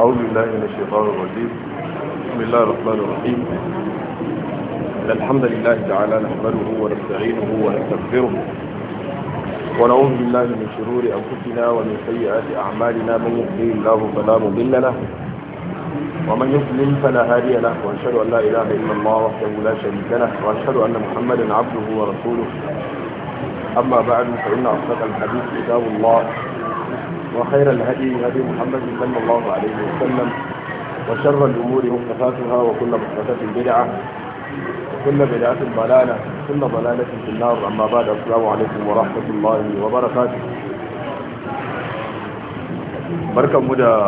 أعوذ بالله من الشيطان الرجيم بسم الله الرحمن الرحيم الحمد لله تعالى نحمده ونستعينه ونستغفره ونعوذ بالله من شرور أنفسنا ومن سيئات أعمالنا من يهديه الله فلا مضل له ومن يظلم فلا هادي له وأشهد أن لا إله إلا الله وحده لا شريك له وأشهد أن محمدا عبده ورسوله أما بعد فإن أصدق الحديث كتاب الله وخير الهدي هدي محمد صلى الله عليه وسلم وشر الأمور مختفاتها وكل مختفات بدعة وكل بدعة ضلالة وكل ضلالة في النار أما بعد السلام عليكم ورحمة الله وبركاته بركة مدى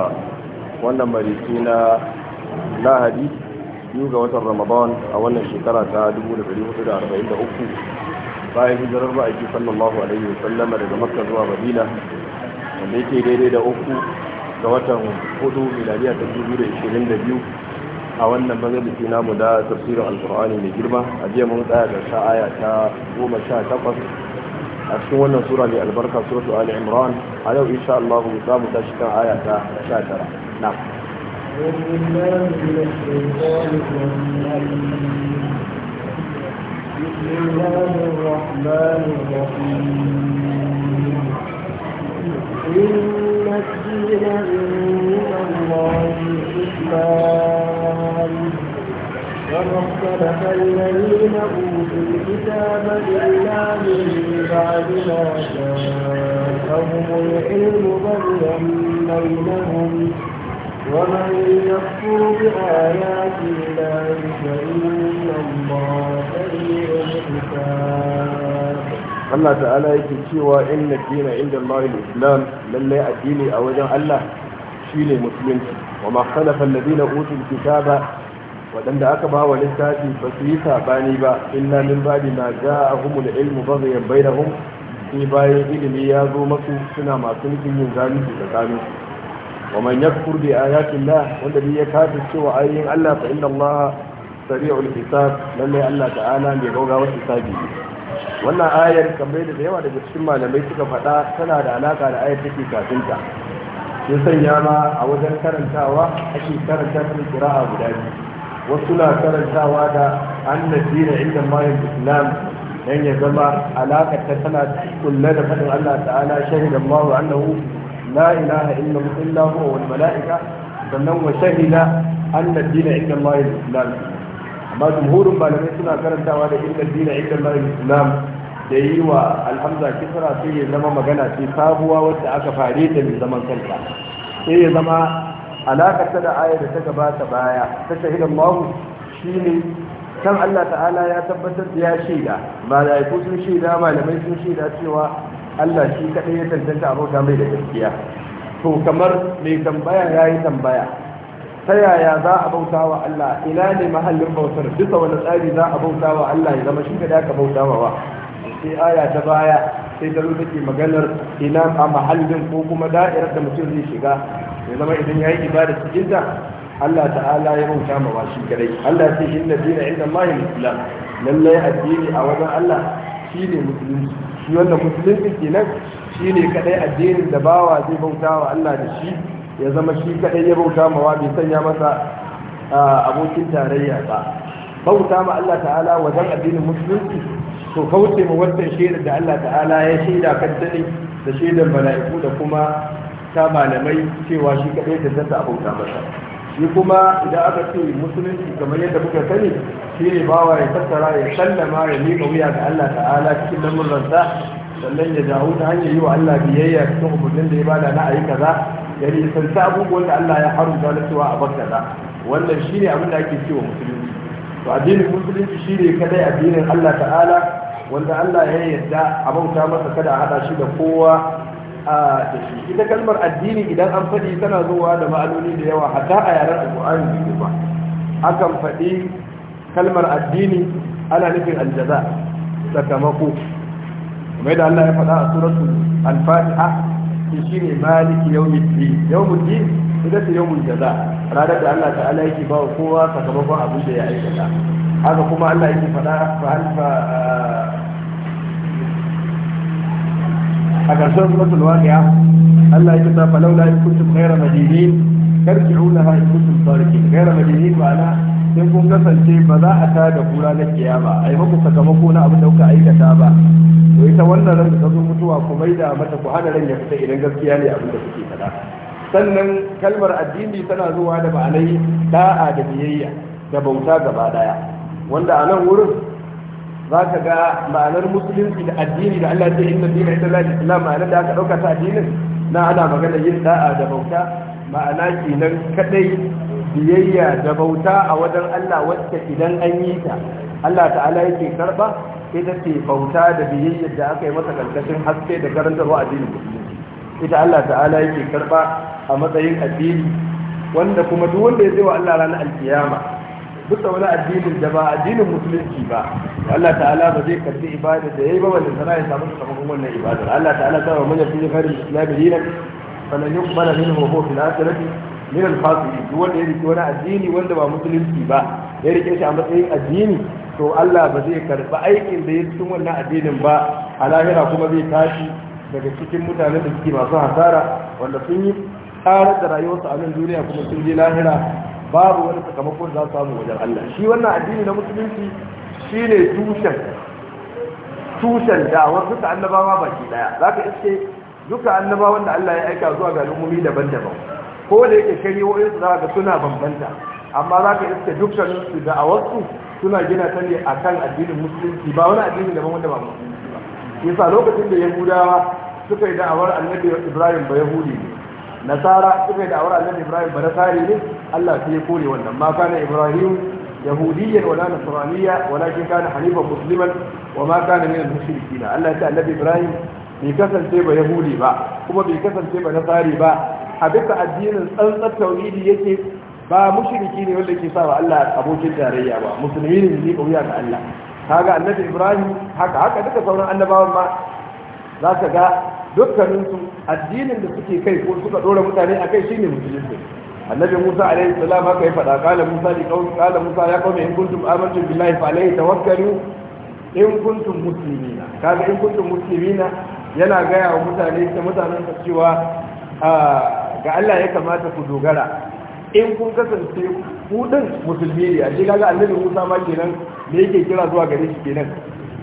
وانا مريسينا لا هدي يوجا وقت رمضان او انا تعدمون في اليوم في الأربعين لأخو فأيه جرر رأيك صلى الله عليه وسلم لدى مكة زوا wanda yake daidai da uku ga watan hudu miladiya ta da da ishirin biyu a wannan mazabiki namu da tafsirin alkur'ani mai girma a jiya mun tsaya da sha aya ta goma sha takwas a cikin wannan sura mai albarka suratu ali imran a yau insha Allah za mu tashi kan aya ta sha tara na بسم الله الرحمن الرحيم إن الدين من الله الإسلام وما اختلف الذين أوتوا الكتاب إلا من بعد ما جاءهم العلم بغيا بينهم ومن يكفر بآيات الله فإن الله Allah ta'ala yake cewa inna dina inda Allah islam lalle addini a wajen Allah shine musulunci wa ma khalafa alladhina utul kitaba wadanda aka ba wa littafi ba su yi sabani ba illa min ba'di ma ja'ahumul ilmu baghyan bainahum sai bayan ilimi ya zo masu suna masu nufin yin zalunci tsakanin wa man yakfur bi ayatin Allah wanda bi ya kafi cewa ayoyin Allah fa inna Allah sari'ul hisab lalle Allah ta'ala mai gaugawa hisabi ne wannan ayar kamar da yawa daga cikin malamai suka faɗa tana da alaka da ayar take kafinta sai sanya ma a wajen karantawa ake karanta ta kira'a guda biyu wasu na karantawa da annabi da inda mayin islam dan ya zama alaka ta tana kulle da fadin Allah ta'ala shahida Allah annahu la ilaha illa wa wal mala'ika sannan wa shahida annabi da inda mayin islam amma jumhurin malamai suna karantawa da inda dina inda Allah islam da yi wa alhamza kisra sai ya zama magana ce sabuwa wadda aka fare ta mai zaman kanta sai ya zama alaƙa ta da aya da ta gabata baya ta shahidan mahu shine kan Allah ta'ala ya tabbatar da ya shaida malaiku sun shaida malamai sun shaida cewa Allah shi kaɗai ya tantance abota mai da gaskiya to kamar mai tambaya ya yi tambaya ta yaya za a bauta wa Allah ina ne mahallin bautar bisa wani tsari za a bauta wa Allah ya zama shi kada aka bauta wa sai aya ta baya sai ta zo ke maganar ina a mahallin ko kuma da'irar da mutum zai shiga ya zama idan ya yi ibada cikin ta Allah ta'ala ya bauta ma shi kadai Allah ya ce inna dina inda mahi islam lallai addini a wajen Allah shi shine musulunci shi wanda musulunci kenan ne kadai addinin da bawa zai bauta wa Allah da shi ya zama shi kadai ya bauta mawa bai sanya masa abokin tarayya ba bauta ma Allah ta'ala wajen addinin musulunci to kauce ma wannan shaidar da Allah ta'ala ya shaida kan tani da shaidar mala'iku da kuma ta malamai cewa shi kadai da zata bauta masa shi kuma idan aka ce musulunci kamar yadda kuka sani shi ne bawa ya tattara ya sallama ya miƙa wuya ga Allah ta'ala cikin lamurransa? sannan ya dawo ta hanyar yi wa Allah biyayya cikin umarnin da ya bada na ayi kaza ya nisanci abubuwan da Allah ya haramta na cewa a baka da wannan shine abin da ake wa musulunci to addinin musulunci shine kadai addinin Allah ta'ala wanda Allah ya yarda a bauta masa kada a hada shi da kowa a da shi ita kalmar addini idan an faɗi tana zuwa da ma'anoni da yawa hatta a yaren alƙur'ani ne ba akan faɗi kalmar addini ana nufin aljaza sakamako kamar da Allah ya faɗa a suratul al-fatiha ce shi ne maliki yau mutu yau mutu ita ce yau mutu za ranar da Allah ta'ala yake ba kowa sakamakon abin da ya aikata haka kuma Allah yake faɗa fa halfa a ƙarshen suratul waqi'a Allah yake ta falau la kuntum khayra madinin tarji'unaha in kuntum salihin khayra madinin ma'ana sai kun kasance ba za a ta da kura na kiyama a yi maku sakamako na abin da kuka aikata ba to ita wannan ran ta zo mutuwa ku mai da mata ku hana ran ya fita idan gaskiya ne abin da kuke faɗa sannan kalmar addini tana zuwa da ma'anai da'a da biyayya da bauta gaba daya wanda a nan wurin za ka ga ma'anar musulunci da addini da Allah ya ce inna dina ita zai islam ma'anar da aka ɗauka ta addinin na ana magana yin da'a da bauta ma'ana kenan kadai biyayya da bauta a wajen Allah wacce idan an yi ta Allah ta'ala yake karba ita ce bauta da biyayya da aka yi masa karkashin haske da karantarwa addinin musulunci ita Allah ta'ala yake karba a matsayin addini wanda kuma duk wanda ya zai wa Allah ranar alkiyama Duk da wani addinin da ba addinin musulunci ba Allah ta'ala ba zai karbi ibada da yayi ba wanda sana ya samu sakamakon wannan ibadar Allah ta'ala ta wa manyan fi khairul islam dinan falan yuqbala minhu huwa fil akhirati min al-fasiki duk wanda ya riki wani addini wanda ba musulunci ba ya rike shi a matsayin addini to Allah ba zai karba aikin da ya cikin wannan addinin ba a lahira kuma zai tashi daga cikin mutanen da suke masu hasara wanda sun yi tsarar da rayuwarsu a nan duniya kuma sun je lahira babu wani sakamakon za su samu wajen Allah shi wannan addini na musulunci shine tushen tushen da wasu annabawa baki daya zaka iske duka annabawa wanda Allah ya aika zuwa ga al'ummi daban-daban ko da yake shari'o'in su zaka suna bambanta amma zaka iske dukkanin su da a wasu suna gina ta ne akan addinin musulunci ba wani addini daban wanda ba musulunci ba yasa lokacin da yahudawa suka yi da'awar annabi ibrahim ba yahudi ne nasara suka yi da'awar annabi ibrahim ba nasari ne allah sai ya kore wannan ma kana ibrahim yahudiyyan wala nasraniyya walakin kana hanifan musliman wa ma kana min al-mushrikeen allah ya ce annabi ibrahim bai kasance ba yahudi ba kuma bai kasance ba nasari ba a duka addinin tsantsar tauhidi yake ba mushriki ne wanda ke sa wa Allah abokin tarayya ba musulmi ne ne kauya ga Allah kaga annabi Ibrahim haka haka duka sauran annabawan ma za ka ga dukkaninsu addinin da suke kai ko suka dora mutane a kai shine musulunci annabi Musa alaihi salam haka ya faɗa kala Musa li qaum kala Musa ya qaum in kuntum amantum billahi fa alaihi tawakkalu in kuntum muslimina kaga in kuntum muslimina yana gaya wa mutane ta mutanen sa cewa ah, ga Allah ya kamata ku dogara in kun kasance ku din musulmi ne ashe kaga annabi Musa ma kenan me yake kira zuwa gare shi kenan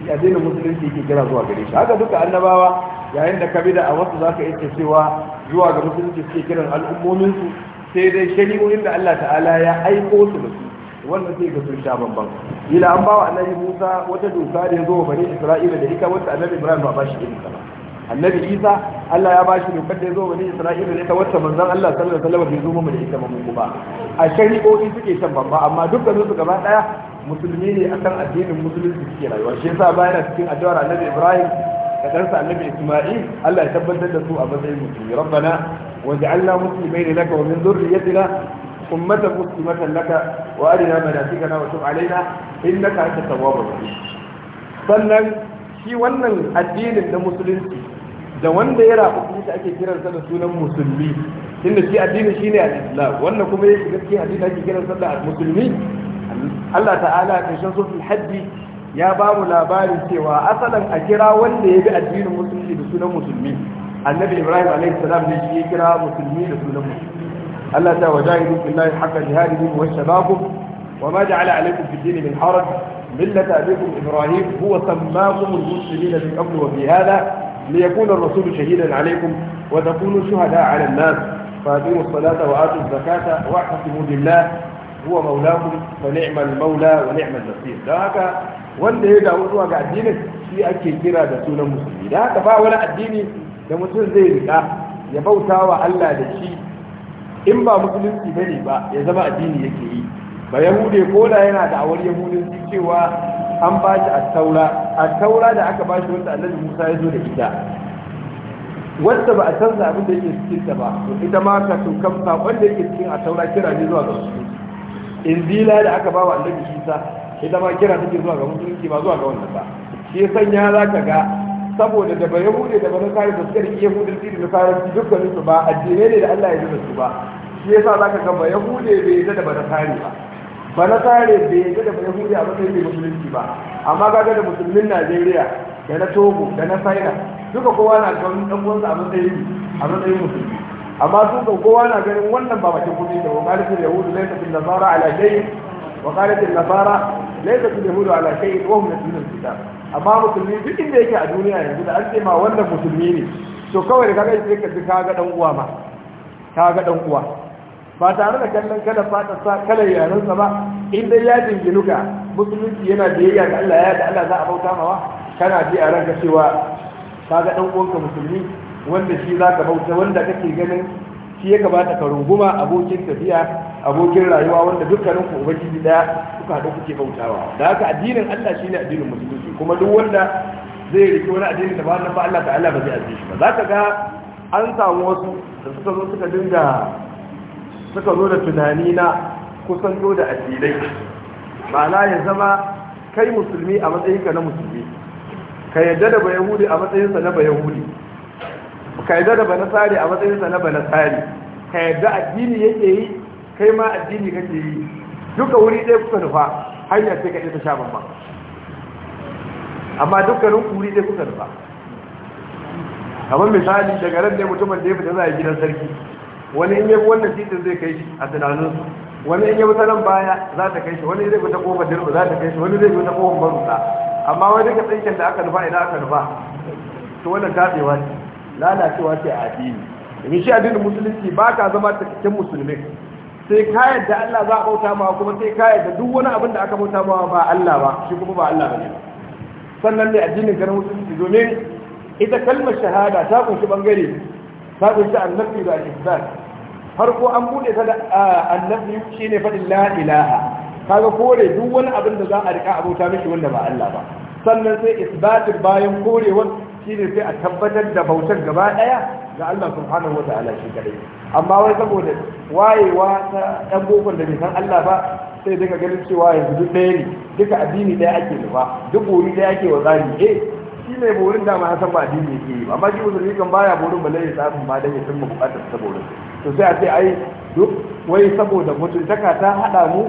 addinin musulunci yake kira zuwa gare shi haka duka annabawa yayin da ka bida a wasu zaka yake cewa zuwa ga musulunci suke kiran al'ummomin su sai dai shari'o'in da Allah ta'ala ya aiko su da su wannan sai ga sun sha bambam. ila an ba wa annabi Musa wata doka da ya zo wa bani Isra'ila da ita wata annabi Ibrahim ba ba shi irin ba annabi isa allah ya bashi dokar da ya zo wani isra'ila ne ta wacce manzon allah sallallahu alaihi wasallam bai zo mu da ita mun ba a shari'o'i suke can babba amma dukkanin su gaba daya musulmi ne akan addinin musulunci suke rayuwa shi yasa bayan cikin addu'ar annabi ibrahim da ɗansa annabi isma'il allah ya tabbatar da su a matsayin musulmi rabbana waj'alna muslimaina laka wa min dhurriyyatina ummatan muslimatan laka wa arina manasikana wa tub alaina innaka antat tawwabur rahim sannan shi wannan addinin na musulunci da wanda ya rabu kuma shi ake kiran sa da sunan musulmi inda shi addini shine al-islam wannan kuma yake shiga cikin addini ake kiran sa da musulmi Allah ta'ala a cikin suratul hajji ya ba mu labarin cewa asalan a kira wanda ya bi addinin musulmi da sunan musulmi annabi ibrahim alayhi salam ne shi ya kira musulmi da sunan musulmi Allah ta wajahidu billahi haqqa jihadihi wa shababuh wa ma ja'ala alaykum fid din min haraj millata abikum ibrahim huwa sammakum al-muslimina min qabl wa fi hadha ليكون الرسول شهيدا عليكم وتكونوا شهداء على الناس فأدموا الصلاة وآتوا الزكاة واحتموا لله هو مولاكم فنعم المولى ونعم النصير لذلك وانده يدعو أنه قاعدين في أكي كرا دسول المسلمين لذلك فأولا أديني لمسل زي رقاء يبوتا وعلا لشي إما مسلم في با يزبع أديني يكي فيهودي قولا هنا دعوال يهودي سيكي an ba shi a taura da aka ba shi wanda annabi musa ya zo da ita wanda ba a canza abin da yake cikin ta ba to ita ma ka to kam sakon da yake cikin taura kira ne zuwa ga In dila da aka ba wa annabi isa ita ma kira take zuwa ga musulunci ba zuwa ga wannan ba shi sanya za ka ga saboda da bai hude da bai nasara da suka rike yahudunci da nasaranci dukkanin su ba addinai ne da Allah ya yi su ba shi yasa za ka ga bai yahude bai yi da na nasara ba ba na tsare bai yanzu da yahudi a matsayin da musulunci ba amma kaga da musulmin najeriya da na togo da na china duka kowa na ganin dan uwansa a matsayin a matsayin musulmi amma su ga kowa na ganin wannan ba bakin kudi da wakalar da yahudu laisa fil nasara ala shay wakalar da nasara laisa fil yahudu ala shay wa hum nasilun kitab amma musulmi duk inda yake a duniya yanzu da an ce ma wannan musulmi ne to kawai da kaga sai ka ga dan uwa ma ka ga dan uwa ba tare da kallon kada fata sa kada yarensa ba in dai ya dingilu musulunci yana biyayya ga Allah ya da Allah za a bauta mawa kana ji a ranka cewa ka ga dan uwanka musulmi wanda shi za ka bauta wanda kake ganin shi ya kamata ka runguma abokin tafiya abokin rayuwa wanda dukkanin ku ubangiji daya kuka haɗu kuke bautawa da haka addinin Allah shine addinin musulunci kuma duk wanda zai riƙe wani addini da ba Allah ba Allah ta'ala ba zai addini shi ba ka ga an samu wasu da suka zo suka dinga suka zo da tunani na kusan zo da addinai ma'ana ya zama kai musulmi a matsayinka na musulmi ka yadda da ba yahudi a matsayinsa na ba yahudi ka yadda da ba nasari a matsayinsa na ba nasari ka yadda addini yake yi kai ma addini kake yi duka wuri ɗaya kuka nufa hanyar sai ka ta sha bamban amma dukkanin wuri ɗaya kuka nufa kamar misali daga ran ne mutumin da ya fita za a gidan sarki wani in yabi wannan titin zai kai shi a tunaninsu wani in yabi ta nan baya za ta kai shi wani zai bi ta kofar dirba za ta kai shi wani zai bi ta kofar barusa. amma wani daga tsinken da aka nufa idan aka nufa to wannan tabewa ce lalacewa ce a addini domin shi addinin musulunci ba ka zama cikakken musulmi sai ka yadda Allah za a bauta ma kuma sai ka yadda duk wani abin da aka bauta ma ba Allah ba shi kuma ba Allah bane sannan ne addinin garin musulunci domin ita kalmar shahada ta kunshi bangare ta kunshi annabi da ihsan farko an bude ta da annabi shine fadin la ilaha kaga kore duk wani abin da za a rika abota mishi wanda ba Allah ba sannan sai isbatin bayan korewar shine sai a tabbatar da bautar gaba daya ga Allah subhanahu wataala shi kadai amma wai saboda wayewa ta ɗan bokon da bai san Allah ba sai daga ganin cewa yanzu duk ɗaya ne duka addini daya ake nufa duk wuri daya ake wa tsari eh shi ne burin dama ya san ba addini yake yi amma shi musulmi kan baya burin ba ya samu ba dan ya san bukatar ta su. to sai a ce ai duk wai saboda mutuntaka ta hada mu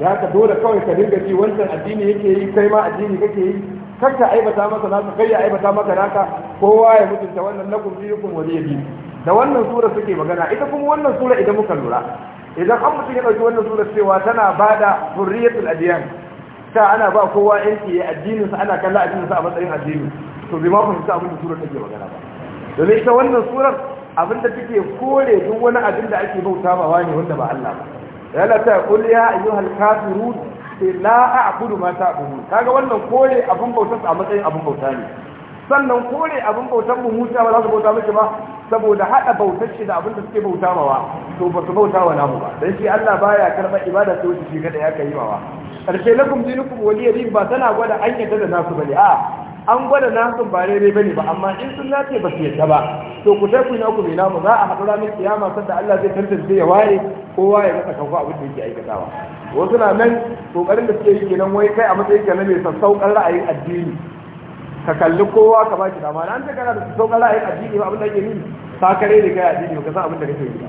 ya ka dole kawai ka dinga ci wancan addini yake yi kai ma addini kake yi kanka aibata masa nasa kai ya aibata maka naka kowa ya mutunta wannan lakum wani wa biyu. da wannan sura suke magana ita kuma wannan sura idan muka lura idan an mutum ya ɗauki wannan sura cewa tana bada hurriyatul adiyan ta ana ba kowa yanki ya addinin sa ana kalla addinin sa a matsayin addini to bai ma fahimta abin da surar take magana ba domin ita wannan surar abin da take kore duk wani abin da ake bauta ba wani wanda ba Allah ba ya la ta qul ya ayyuhal kafirun la a'budu ma ta'budun kaga wannan kore abin bautar a matsayin abin bauta ne sannan kore abin bautar mu musa ba za su bauta miki ba saboda hada bautar shi da abin da suke bauta mawa to ba su bauta wa namu ba dan shi Allah baya karba ibada sai wuce shi kada ya kai mawa karshe lakum dinukum waliya din ba tana gwada an yadda da nasu bane a an gwada nasu ba daidai bane ba amma in sun nace ba su yadda ba to ku sai ku na ku bina mu za a haɗu ranar kiyama sanda Allah zai tantance ya ware kowa ya rasa kanku abin da yake aikatawa wasu na nan kokarin da suke yi kenan wai kai a matsayin ka na mai sassauƙan ra'ayin addini ka kalli kowa ka baki dama na an ce kana da sassauƙan ra'ayin addini ba abin da ake nuni ka kare da kai addini ba ka san abin da kake yi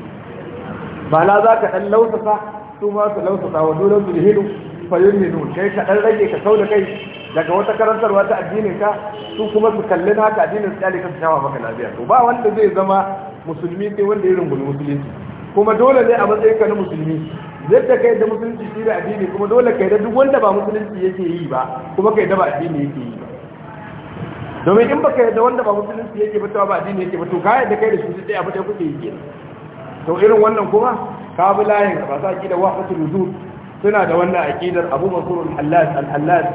ba ba za ka ɗan lausasa su ma su lausasa wa dole su hidu fayumminu kai ka dan rage ka da kai daga wata karantarwa ta addinin ka su kuma su kalli ka addinin tsali ka shawa maka lafiya to ba wanda zai zama musulmi sai wanda ya rungumi musulunci kuma dole ne a matsayin ka na musulmi yadda kai da musulunci shi da addini kuma dole kai da duk wanda ba musulunci yake yi ba kuma kai da ba addini yake yi ba domin in baka yadda wanda ba musulunci yake ba ba addini yake ba to ka yadda kai da shi sai a fita kuke yi to irin wannan kuma ka bi layin ba sa ki da wahatul wujud suna da wannan aƙidar abu masurul hallas al-hallas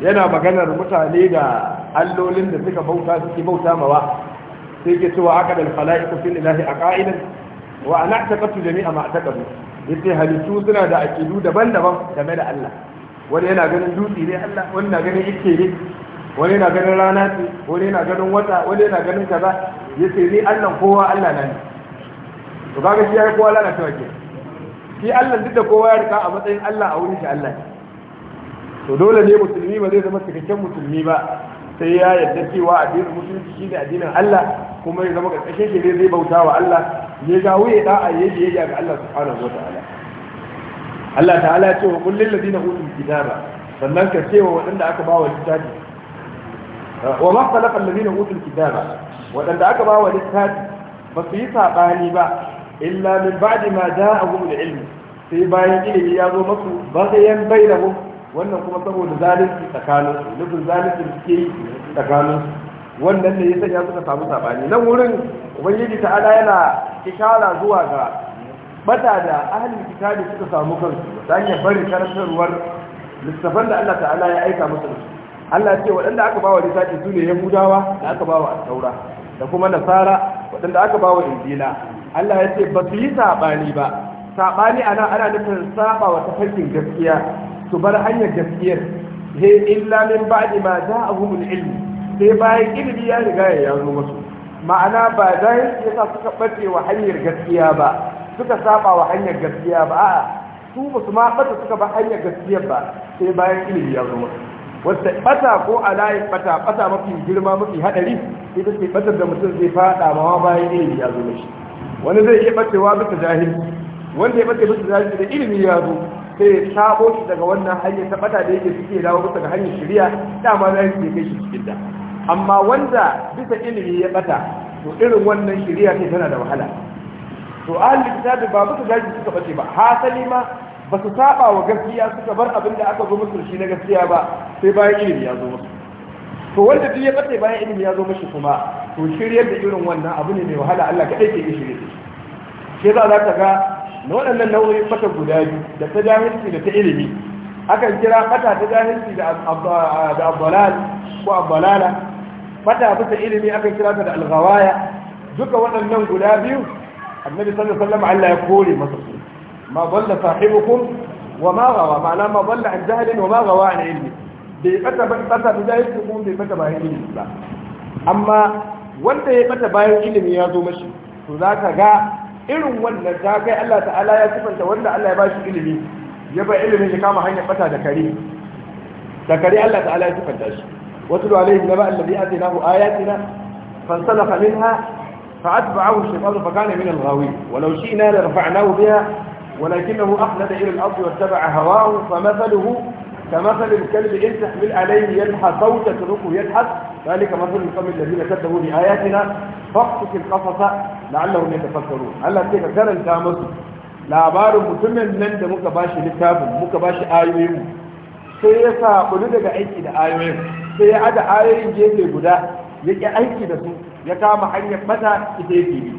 yana maganar mutane da allolin da suka bauta suke bauta mawa sai ke cewa aka da fala'iku fil ilahi a ka'idan wa ana taqatu jami'a ma taqabu yace halittu suna da aƙidu daban-daban game da Allah wani yana ganin dutse ne Allah wani na ganin ikke ne wani yana ganin rana ce wani yana ganin wata wani yana ganin kaza yace ni Allah kowa Allah na ne to kaga shi ya kowa lalacewa kenan shi Allah duk da kowa ya rika a matsayin Allah a wurin shi Allah ne to dole ne musulmi ba zai zama cikakken musulmi ba sai ya yarda cewa addinin musulunci shine addinin Allah kuma ya zama karkashin shi ne zai bauta wa Allah ya ga wuya da a yayi yayi ga Allah subhanahu wataala Allah ta'ala ya ce wa kullil ladina utul kitaba sannan ka ce wa waɗanda aka ba wa littafi wa ma khalaqa alladhina utul kitaba waɗanda aka ba wa littafi ba su yi sabani ba illa min ba'di ma ja'ahum da ilm sai bayan ilimi ya zo musu bayan bainahum wannan kuma saboda zalunci tsakanin su nufin zalunci suke tsakanin su wannan ne ya sanya suka samu sabani nan wurin ubangiji ta'ala yana ishara zuwa ga bata da ahlul kitabi suka samu kansu ta hanyar barin karantarwar lissafan da Allah ta'ala ya aika musu Allah ce waɗanda aka bawa lissafi su ne Yahudawa da aka bawa Taura da kuma Nasara waɗanda aka bawa Injila Allah ya ce ba su yi saɓani ba saɓani ana ana nufin saɓa wa tafarkin gaskiya su bar hanyar gaskiyar he illa min ba'di ma ja'ahumul ilmi sai bayan ilimi ya riga ya yazo musu ma'ana ba dai ya sa suka bace wa hanyar gaskiya ba suka saɓa wa hanyar gaskiya ba a'a su ba su ma bata suka ba hanyar gaskiyar ba sai bayan ilimi ya zo musu wasta bata ko alayin bata bata mafi girma mafi hadari ta ce ɓata da mutum zai fada ma bayan ilmi ya zo shi. wani zai iya bacewa bisa jahil wanda ya bace bisa jahil da ilimi ya zo sai ya sabo shi daga wannan hanyar ta bata da yake suke dawo bisa ga hanyar shirya dama jahilci ya kai shi cikin da amma wanda bisa ilimi ya bata to irin wannan shirya ce tana da wahala to ahli littafi ba bisa jahil suka ɓace ba hasali ma ba su saba wa gaskiya suka bar abin da aka zo musu shi na gaskiya ba sai bayan ilimi ya zo musu to wanda duk ya bace bayan ilimi ya zo mashi kuma to shiryar da irin wannan abu ne mai wahala Allah kaɗai ke shirye da shi sai za ka ga na waɗannan nau'in fata guda biyu da ta jahilci da ta ilimi akan kira fata ta jahilci da abbalal ko abbalala fata bisa ilimi akan kira ta da alghawaya duka waɗannan guda biyu annabi sallallahu alaihi wasallam Allah ya kore masa su ma dalla sahibukum wa ma gawa ma'ana ma dalla an jahlin wa ma gawa an ilimi. bai bata ba bata da jahil ko bai bata bayan ilimi ba amma wanda ya bata bayan ilimi ya zo mashi to za ka ga irin wannan ta kai Allah ta'ala ya sifanta wanda Allah ya ba shi ilimi ya ba ilimi shi kama hanyar bata da kare da kare Allah ta'ala ya sifanta shi wasu da alaihi naba allazi atainahu ayatina fansalakha minha فأتبعه الشيطان فكان من الغاوين ولو شئنا لرفعناه بها ولكنه أخلد إلى الأرض واتبع هواه فمثله كمثل الكلب إن تحمل عليه يلحى أو تتركه يلحث ذلك مثل القوم الذين كذبوا بآياتنا فاقصص القصص لعلهم يتفكرون Allah sai karanta musu labarin mutumin nan da muka bashi littafin muka bashi ayoyin sai ya saɓulu daga aiki da ayoyin sai ya ada ayoyin gefe guda ya ƙi aiki da su ya kama hanyar mata ita yake bi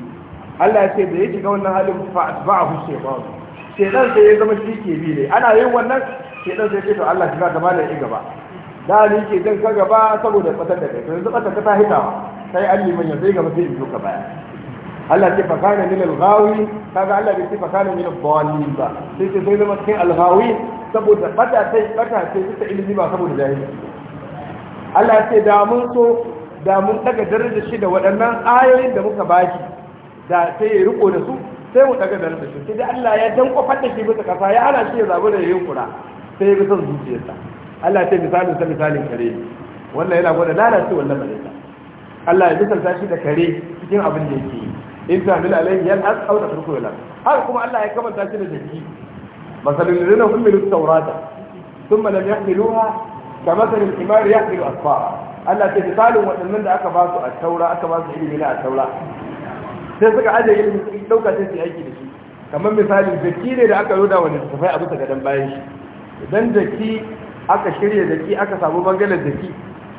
Allah ya ce da ya shiga wannan halin fa'atba'ahu shaytan ya zama shi ke bi ne ana yin wannan ke dan sai to Allah shiga gaba da in gaba da ni ke zan ka gaba saboda fatar da kai to yanzu fatar ka ta hitawa sai an liman ya sai gaba sai in ka baya Allah ce fakana min al-ghawi kaga Allah ya ce fakana min al-dhalin ba sai ce sai zama kai al-ghawi saboda fata sai fata sai ta ilimi ba saboda jahili Allah ya ce da mun so da mun daga darajar shi da waɗannan ayoyin da muka baki da sai ya riko da su sai mu daga darajar shi sai Allah ya danko da shi bisa kasa ya ana shi ya zabi da yayin kura sai bi son zuciyarsa Allah ce misalin sa misalin kare wannan yana gwada lalace wannan malaika Allah ya misalta shi da kare cikin abin da yake in ta mil alayhi yal as aw tatruku yal har kuma Allah ya kamanta shi da jiki masalul ladina humilu tawrata thumma lam yahmiluha kamathal al-himar yahmilu asfara Allah ce misalin waɗannan da aka ba su a taura aka ba su ilimi na a taura sai suka aje ilimin ɗauka sai su aiki da shi kamar misalin zaki ne da aka loda wani tafai a bisa gadon bayan shi idan daki aka shirya daki aka samu bangalar daki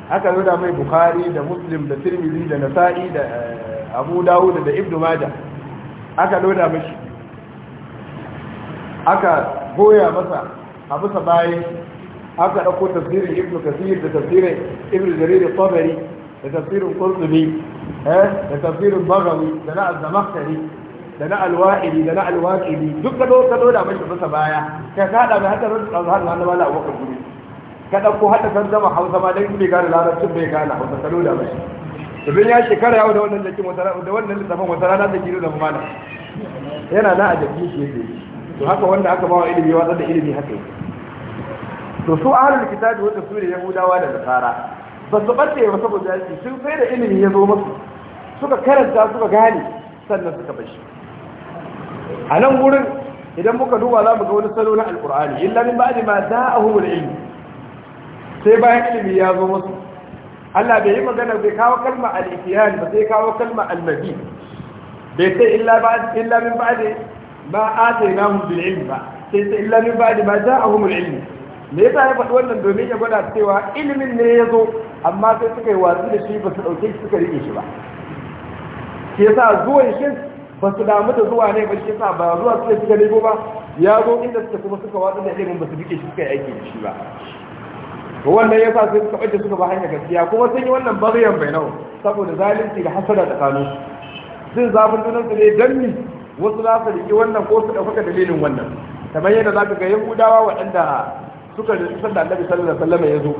aka nuna mai bukhari da muslim da tirmidhi da nasa'i da eh, abu dawud da ibnu majah aka loda mashi aka goya masa a bisa bayan aka dauko tafsirin ibnu kasir da tafsirin ibnu jarir tabari da tafsirin qurtubi eh, da tafsirin baghawi da na az-zamakhshari da na alwa'ili da na alwaƙili duk ka zo ka zo da mashi masa baya ka kada mai hada rasu ɗan hannu hannu mala abokan gudu ka ɗauko hada san zama hausa ma dan bai gane larabcin bai gane hausa ka zo da mashi bin ya shekara yawo da wannan jakin da wannan littafin wata rana da kiro da mana yana na a jakin shi yake to haka wanda aka bawa ilimi watsar da ilimi haka yi to su ahlul kitabi wanda su ne yahudawa da nasara ba su bace ba saboda sun sai da ilimi ya zo musu suka karanta suka gane sannan suka bashi a nan gurin idan muka duba za mu ga wani salo na alkur'ani illa min ba'di ma za'ahu al-ilm sai bayan ilimi ya zo musu Allah bai yi magana bai kawo kalma al-ihtiyan ba sai kawo kalma al-madi bai sai illa ba'd illa min ba'di ma atainahum bil ilm ba sai sai illa min ba'di ma za'ahum al-ilm me yasa ya faɗi wannan domin ya gwada cewa ilimin ne ya zo amma sai suka yi watsi da shi ba su ɗauke shi suka rike shi ba ke sa zuwan shi ba su damu da zuwa ne ba shi ba zuwa suka suka nemo ba ya zo inda suka kuma suka watsa da ilimin ba su duke shi suka yi aiki da shi ba wannan ya sa sai suka bace suka ba hanya gaskiya kuma sun yi wannan bariyan bai nau saboda zalunci da hasada kanu sun zafin dunan su ne dan ni wasu za su riƙi wannan ko su ɗaukaka dalilin wannan kamar yadda za ka ga yahudawa waɗanda suka sallar da annabi sallallahu alaihi wasallam ya zo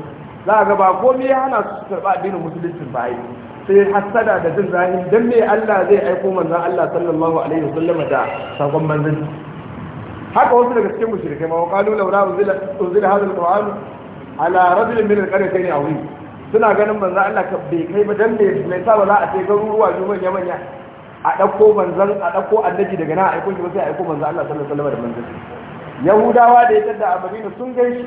za a ga ba komai ya hana su karɓa addinin musulunci ba yi sai hasada da jin zahi dan me Allah zai aiko manzan Allah sallallahu alaihi wasallam da sakon manzon haka wasu daga cikin mushrikai ma qalu law la unzila unzila hadha alquran ala rajul min alqaryatayn azim suna ganin manzan Allah ka bai kai ba dan me mai sa ba za a kai garuruwa ju manya manya a dauko manzon a dauko annabi daga na aiko shi ba sai aiko manzan Allah sallallahu alaihi wasallam da manzon yahudawa da ya da a sun gaishi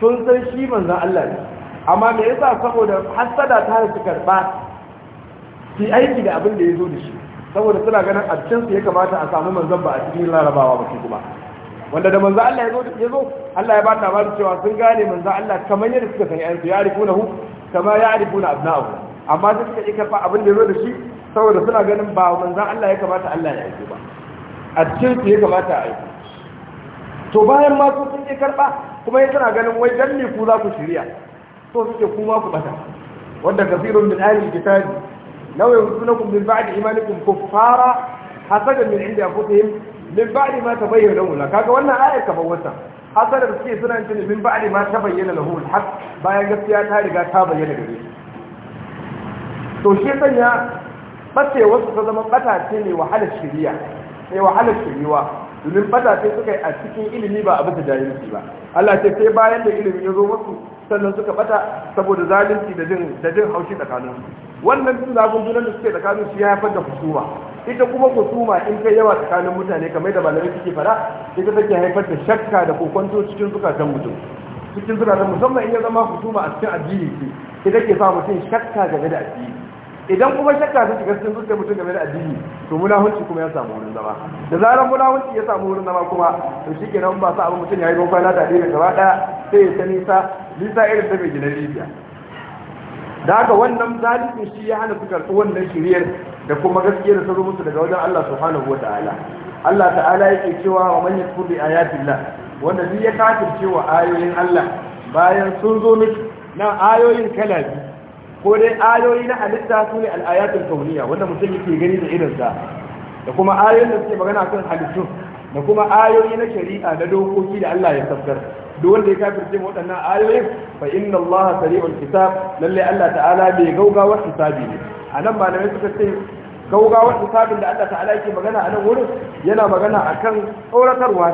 sun san shi manzan Allah ne amma me yasa saboda hasada ta su karba su aiki da abin da ya zo da shi saboda suna ganin a cikin su ya kamata a samu manzon ba a cikin larabawa ba su kuma wanda da manzo Allah ya zo ya zo Allah ya ba ta labarin cewa sun gane manzo Allah kamar yadda suka san yansu ya na hu Kamar ya na abna'u amma sai suka yi karfa abin da ya zo da shi saboda suna ganin ba manzon Allah ya kamata Allah ya aiki ba a cikin su ya kamata a aiki to bayan ma sun yi karba kuma ya suna ganin wai dan ne ku za ku shirya so suke kuma ku bata wanda kafirun min ahli kitab law yusunakum min ba'di imanikum kuffara hasadan min inda anfusihim min ba'di ma tabayyana lahum kaga wannan ayar ka bawata hasadar suke suna cin min ba'di ma tabayyana lahum alhaq bayan gaskiya ta riga ta bayyana gare su to shi sanya bace wasu ta zama bata ce ne wahala shiriya sai wahala shiriwa domin bata ce suka yi a cikin ilimi ba a bisa jahilci ba Allah ce sai bayan da ilimi ya zo musu sannan suka bata saboda zalunci da jin da jin haushi tsakanin su wannan tsunagun junan da suke tsakanin su ya haifar da kusuma ita kuma kusuma in kai yawa tsakanin mutane kamar da malamai suke fara ita take haifar da shakka da kokonto cikin zukatan mutum cikin zukatan musamman in ya zama kusuma a cikin addini ce ita ke sa mutum shakka game da addini idan kuma shakka ta shiga cikin zuciyar mutum game da addini to munahunci kuma ya samu wurin zama da zarar munahunci ya samu wurin zama kuma to shikenan ba sa abin mutum ya yi bankwana da addini gaba daya sai ya ta nisa nisa irin ta mai gidan libya da wannan zalimin shi ya hana su karɓi wannan shiriyar da kuma gaskiyar da sauro musu daga wajen Allah subhanahu wa ta'ala Allah ta'ala ke cewa wa man yakfur bi ayatillah wanda zai ya kafirce wa ayoyin Allah bayan sun zo na ayoyin kalabi ko dai ayoyi na halitta su ne al'ayatul kauniya wanda mutum yake gani da irinsa da kuma ayoyin da suke magana kan halittun da kuma ayoyi na shari'a da dokoki da Allah ya tabbatar duk wanda ya kafirce mu waɗannan ayoyin fa inna Allah sari'ul hisab lalle Allah ta'ala bai gaugawar hisabi ne anan malamai suka ce gaugawar hisabin da Allah ta'ala yake magana a nan wurin yana magana akan tsoratarwa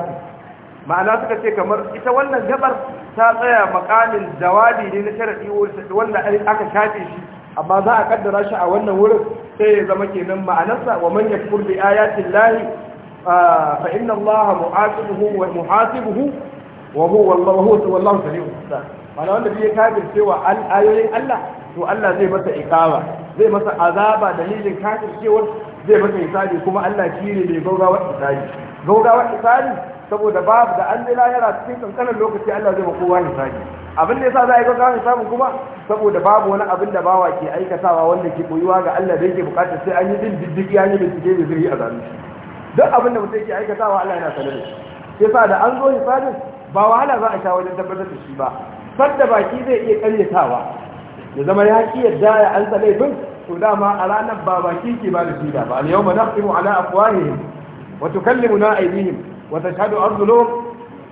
ma'ana suka ce kamar ita wannan gabar ta tsaya makamin jawabi ne na sharadi wanda aka shafe shi amma za a kaddara shi a wannan wurin sai ya zama kenan ma'anarsa wa man yakfur bi ayati llahi fa inna allaha mu'asibuhu wa muhasibuhu wa huwa wallahu wallahu sami'un basir mana wanda bai kafirce wa ayoyin Allah to Allah zai masa iqama zai masa azaba dalilin kafircewar zai masa hisabi kuma Allah shi ne mai gaugawar hisabi gaugawar hisabi saboda babu da an zai yana cikin kankanin lokaci Allah zai ba kowa hisabi abin da yasa za a yi gaugawar hisabi kuma saboda babu wani abin da bawa ke aikatawa wanda ke koyuwa ga Allah da yake bukatar sai an yi bin diddiki an yi bincike da zai yi a zalunci duk abin da mutum yake aikatawa Allah yana sanar da shi yasa da an zo isalin? ba wahala za a sha wajen tabbatar da shi ba sadda baki zai iya karyatawa ya zama ya ki yadda ya an laifin to dama a ranar ba baki ke ba da shida ba al yawma naqtimu ala afwahihim wa na aydihim wa tashhadu arjuluhum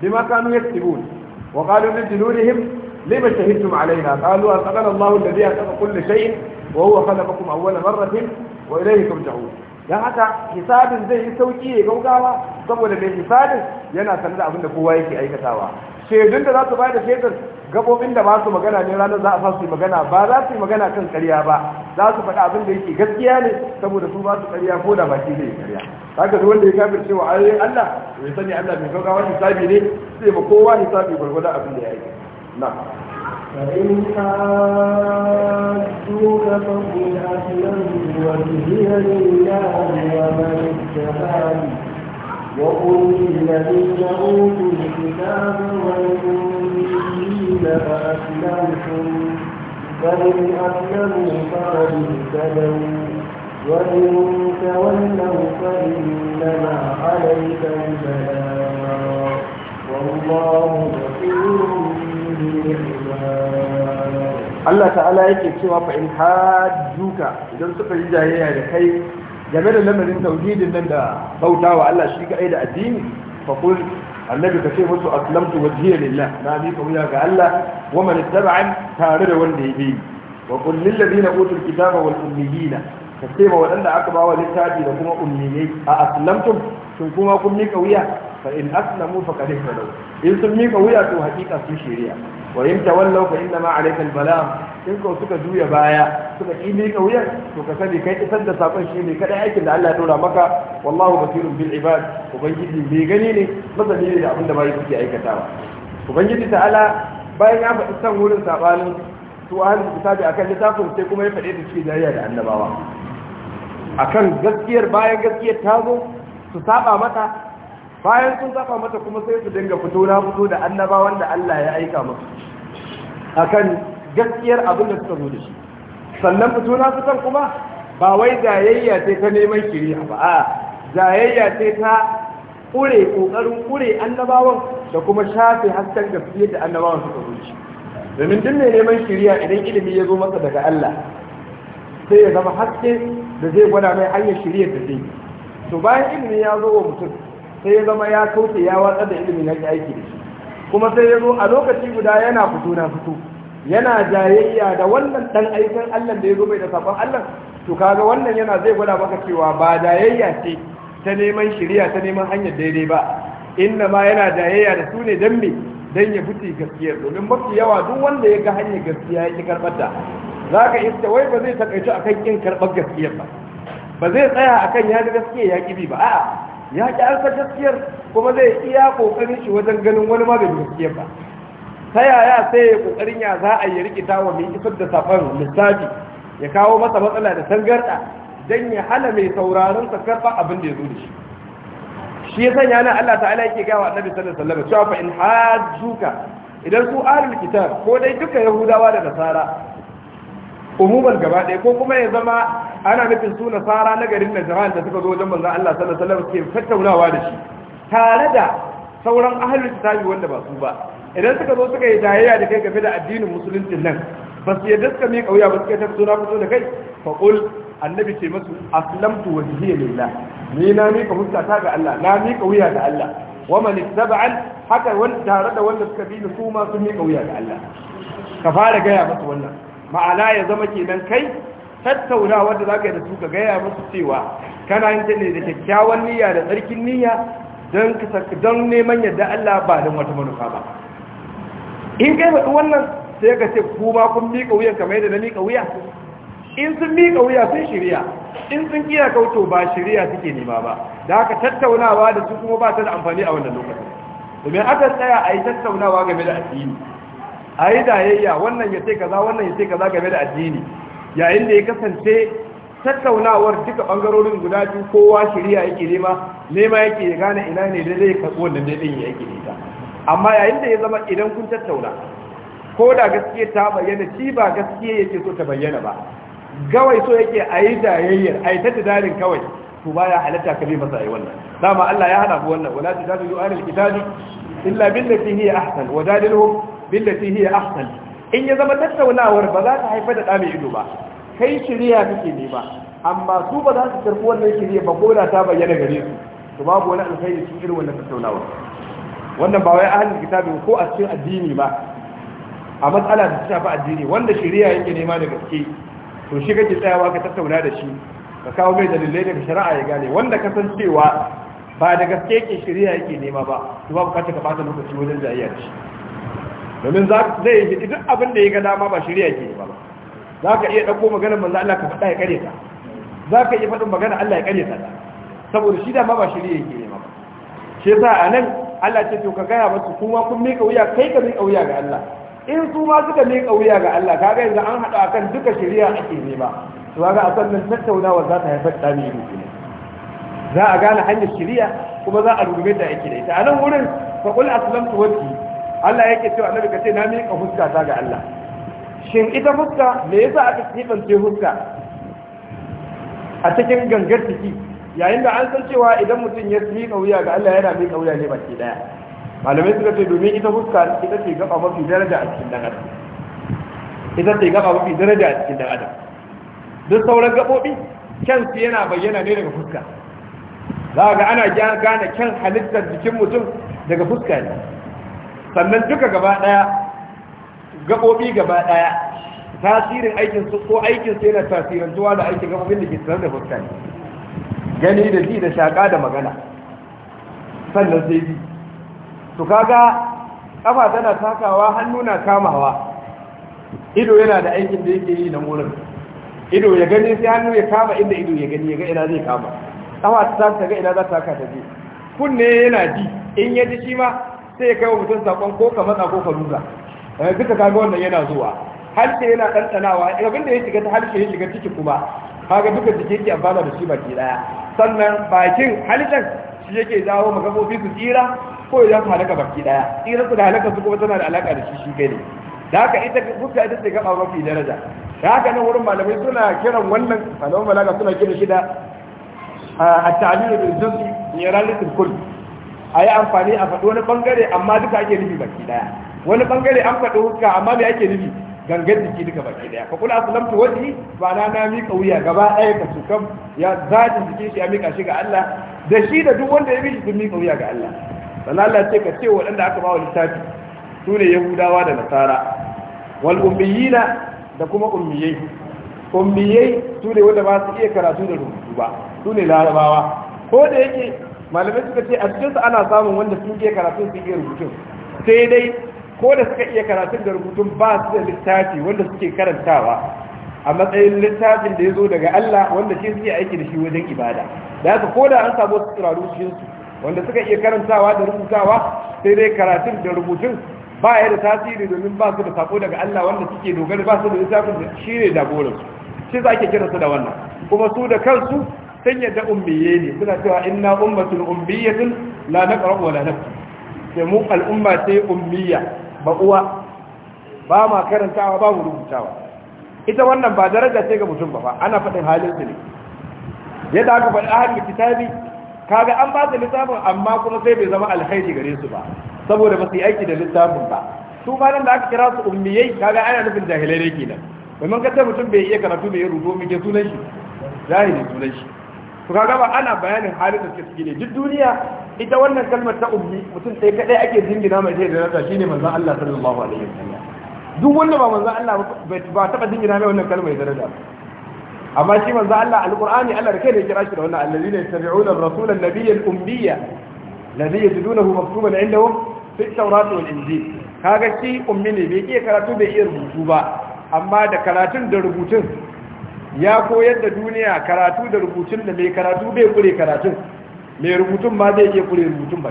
bima kanu yaktubun wa qalu li junurihim lima shahidtum alaina qalu asqana Allahu alladhi asqa kull shay'in wa huwa khalaqakum awwala marratin wa ilayhi turja'un don haka hisabin zai yi sauki ya gaugawa saboda mai hisabin yana sanar da abin da kowa yake aikatawa shaidun da za su bayar da shaidar gabobin da ba su magana ne ranar za a sa su magana ba za su yi magana kan karya ba za su faɗi abin da yake gaskiya ne saboda su ba su karya ko da baki zai karya haka duk wanda ya kafir cewa ayoyin Allah bai sani Allah mai gaugawa hisabi ne sai ba kowa hisabi gwargwadon abin da ya yi na'am فإن حاجوك فقل أسلمت وجهي لله ومن اتبعني وقل للذين أوتوا الكتاب والأميين فأسلمتم فإن أسلموا فقد اهتدوا وإن تولوا فإنما عليك البلاء والله بصير Allah ta'ala yake cewa fa in hajjuka idan suka yi jayayya da kai game da lamarin tauhidin nan da bautawa Allah shi kadai da addini fa kul annabi kace musu aslamtu wajhiya lillah na bi kauya ga Allah wa man ittaba'an tare da wanda ya bi wa kul lil ladina utul kitaba wal ummiyina kace ma wadanda aka ba wa littafi da kuma ummiyai a aslamtum sun kuma kun mika wuya fa in aslamu faqad ihtadaw in sun mika wuya to hakika sun shari'a wa yin tawallau fa inna ma alaikal bala in ko suka juya baya suka ki mika wuyar to ka sani kai isar da sakon shi ne kada aikin da Allah ya dora maka wallahu basirun bil ibad ubangiji bai gani ne masani ne da abin da bai suke aikatawa ubangiji ta Ala bayan ya faɗi san wurin sabanin su ahlul kitabi akan littafin sai kuma ya faɗe da cikin jariya da annabawa akan gaskiyar bayan gaskiyar ta zo su saba mata bayan sun saba mata kuma sai su dinga fito na fito da annabawan da Allah ya aika musu akan gaskiyar abin da suka zo da shi sannan fito na fitan kuma ba wai jayayya ce ta neman kiriya ba a jayayya ce ta ƙure ƙoƙarin ƙure annabawan da kuma shafe hasken gaskiyar da annabawan suka zo da shi domin duk mai neman shiriya idan ilimi ya zo masa daga Allah sai ya zama haske da zai gwada mai hanyar shiriyar da zai to bayan ilimi ya zo wa mutum sai ya zama ya kauce ya watsar da ilimin yake aiki da shi kuma sai ya zo a lokaci guda yana fito na fito yana jayayya da wannan dan aikin Allah da ya zo bai da sabon Allah to kaga wannan yana zai gwada maka cewa ba jayayya ce ta neman shiriya ta neman hanyar daidai ba inna ma yana jayayya da su ne dan me dan ya fiti gaskiya domin mafi yawa duk wanda ya ga hanyar gaskiya ya ki karbar zaka iska wai ba zai takaice akan kin karbar gaskiya ba ba zai tsaya akan ya ga gaskiya ya kibi ba a'a ya ƙi alfa gaskiyar kuma zai iya ƙoƙarin shi wajen ganin wani ma bai gaskiyar ba ta yaya sai ya ƙoƙarin ya za a yi rikita wa mai isar da saɓon lissafi ya kawo masa matsala da tangarɗa don ya hana mai sauraron sa karɓa abin da ya zo da shi shi ya sanya nan Allah ta'ala yake gawa annabi sallallahu alaihi wasallam cewa fa in hajjuka idan su ahlul kitab ko dai duka yahudawa da nasara umuman gaba ɗaya ko kuma ya zama ana nufin su nasara na garin najran da suka zo wajen manzan Allah sallallahu alaihi wasallam ke tattaunawa da shi tare da sauran ahlul kitabi wanda ba su ba idan suka zo suka yi jayayya da kai game da addinin musulunci nan ba su yadda suka miƙa wuya ba suka tafi na fito da kai fa qul annabi ce masu aslamtu wajhiya lillah ni na miƙa ta ga Allah na miƙa wuya ga Allah wa man ittaba'an haka wanda tare da wanda suka bi su ma sun miƙa wuya ga Allah ka fara gaya masu wannan ma'ana ya zama kenan kai tattaunawa da za ka yi da su ka gaya musu cewa kana yin ta ne da kyakkyawan niyya da tsarkin niyya don neman yadda Allah ba don wata manufa ba in kai faɗi wannan sai ka ce kuma kun miƙa wuyan kamar yadda na miƙa wuya in sun miƙa wuya sun shirya in sun kiya kauto ba shirya suke nema ba da aka tattaunawa da su kuma ba ta da amfani a wannan lokacin domin aka tsaya a yi tattaunawa game da addini a yi dayayya wannan ya ce kaza wannan ya ce kaza game da addini yayin da ya kasance tattaunawar duka bangarorin guda biyu kowa shirya yake nema nema yake ya gane ina ne da zai karɓi wannan daidai ya yake nita amma yayin da ya zama idan kun tattauna ko da gaskiya ta bayyana shi ba gaskiya yake so ta bayyana ba gawai so yake a yi dayayyar a yi ta dalin kawai to baya halatta ka bi masa a yi wannan dama Allah ya hana ku wannan wala tujadilu ahlul kitabi illa billati hiya ahsan wajadilhum billati hiya ahsan in ya zama tattaunawar ba za ta haifar da ɗa mai ido ba kai shirya kake nema amma su ba za su karɓi wannan shirya ba ko da ta bayyana gare su to babu wani alkhairi su irin wannan tattaunawa wannan ba wai ahlul kitabi ko a cikin addini ba a matsala da ta shafi addini wanda shirya yake nema da gaske to shi kake tsayawa ka tattauna da shi ka kawo mai dalilai daga shari'a ya gane wanda ka san cewa ba da gaske yake shirya yake nema ba to babu ka ta ka bata lokaci wajen jayayya domin zai yi duk abin da ya ga dama ba shirya ke ba za ka iya ɗauko maganar manzan Allah ka faɗa ya ƙare ta za ka iya faɗin maganar Allah ya ƙare ta saboda shi dama ba shirya ke ba shi sa a nan Allah ce to ka gaya masu kuma kun miƙa wuya kai ka miƙa wuya ga Allah in su ma suka miƙa wuya ga Allah ga yanzu an haɗu kan duka shirya ake nema to ga a sannan tattaunawa za ta haifar da mai ne za a gane hanyar shirya kuma za a rubuta da ake da ita a nan wurin fa qul aslamtu wajhi Allah yake cewa annabi ka ce na miƙa fuska ta ga Allah shin ita fuska me yasa aka ce fuska a cikin gangar ciki yayin da an san cewa idan mutum ya miƙa wuya ga Allah yana miƙa wuya ne baki daya malamai suka ce domin ita fuska ita ce gaba mafi daraja a cikin dan adam ita ce gaba mafi daraja a cikin dan adam duk sauran gabobi su yana bayyana ne daga fuska za ga ana gane kyan halittar jikin mutum daga fuska ne sannan duka gaba daya gabobi gaba daya tasirin aikin su ko aikin sai na tasirin zuwa da aikin gabobin da ke tsar da fuska ne gani da ji da shaka da magana sannan sai ji su kaga kafa tana takawa hannu na kamawa ido yana da aikin da yake yi na murin ido ya gani sai hannu ya kama inda ido ya gani ya ga ina zai kama kafa ta ta ga ina za ta ka ta je kunne yana ji in ya ji shi ma sai ya kai wa mutum sakon ko ka matsa ko ka ruza eh, duka kaga wannan yana zuwa harshe yana ɗanɗanawa abin da ya shiga ta harshe ya shiga ciki kuma kaga duka jiki yake amfana da shi baki daya sannan bakin halittar shi yake jawo kofi su tsira ko ya zama halaka baki daya tsira su da halaka su kuma tana da alaka da shi shi kai ne da haka ita fuska ita ce gaba mafi daraja da haka nan wurin malamai suna kiran wannan malamai malaka suna kiran shi da a ah, ta'abiru bil jaz'i ne ralitul kull a yi amfani a faɗi wani ɓangare amma duka ake nufi baki ɗaya wani ɓangare an faɗi wuka amma me ake nufi gangan jiki duka baki ɗaya fa kula aslamtu wajhi ba na na miƙa wuya gaba ɗaya ka kam ya zaɗi jikin shi ya miƙa shi ga Allah da shi da duk wanda ya bi sun miƙa wuya ga Allah sannan Allah ce ka ce waɗanda aka ba wa littafi su ne Yahudawa da Nasara wal ummiyina da kuma ummiyai ummiyai su ne wanda ba su iya karatu da rubutu ba su ne larabawa ko da yake malamai suka ce a cikinsu ana samun wanda sun iya karatun sun iya rubutun sai dai ko da suka iya karatun da rubutun ba su da littafi wanda suke karantawa a matsayin littafin da ya zo daga Allah wanda shi suke aiki da shi wajen ibada da haka ko da an samu wasu turaru cikinsu wanda suka iya karantawa da rubutawa sai dai karatun da rubutun ba ya da tasiri domin ba su da sako daga Allah wanda suke dogara ba su da littafin da shi ne jagoransu shi za ake kiransu da wannan kuma su da kansu sun yadda ummiya ne suna cewa inna sun ummiyatun la naqra wa la naktu sai mu al'umma sai ummiya ba uwa ba ma karantawa ba mu rubutawa ita wannan ba daraja ce ga mutum ba fa ana faɗin halin su ne yadda aka faɗi ahlul kitabi kaga an ba su littafin amma kuma sai bai zama alkhairi gare su ba saboda ba su yi aiki da littafin ba su ma nan da aka kira su ummiyai kaga ana nufin jahilai ne kenan domin kace mutum bai iya karatu bai rubuto mu ke sunan shi zahiri sunan shi to kaga ba ana bayanin halin da suke ne duk duniya ita wannan kalmar ta ummi mutum sai kadai ake jingina mai sai da nasa shine manzon Allah sallallahu alaihi wasallam duk wanda ba manzon Allah ba taba jingina mai wannan kalmar da nasa amma shi manzon Allah alqur'ani Allah da kai da kira shi da wannan allazina yattabi'una ar-rasul an-nabiy al-ummiyya alladhi yajidunahu maktuban 'indahum fi at-taurat wal-injil kaga shi ummi ne bai iya karatu bai iya rubutu ba amma da karatun da rubutun ya koyar da duniya karatu da rubutun da mai karatu bai kure karatun mai rubutun ma zai iya kure rubutun ba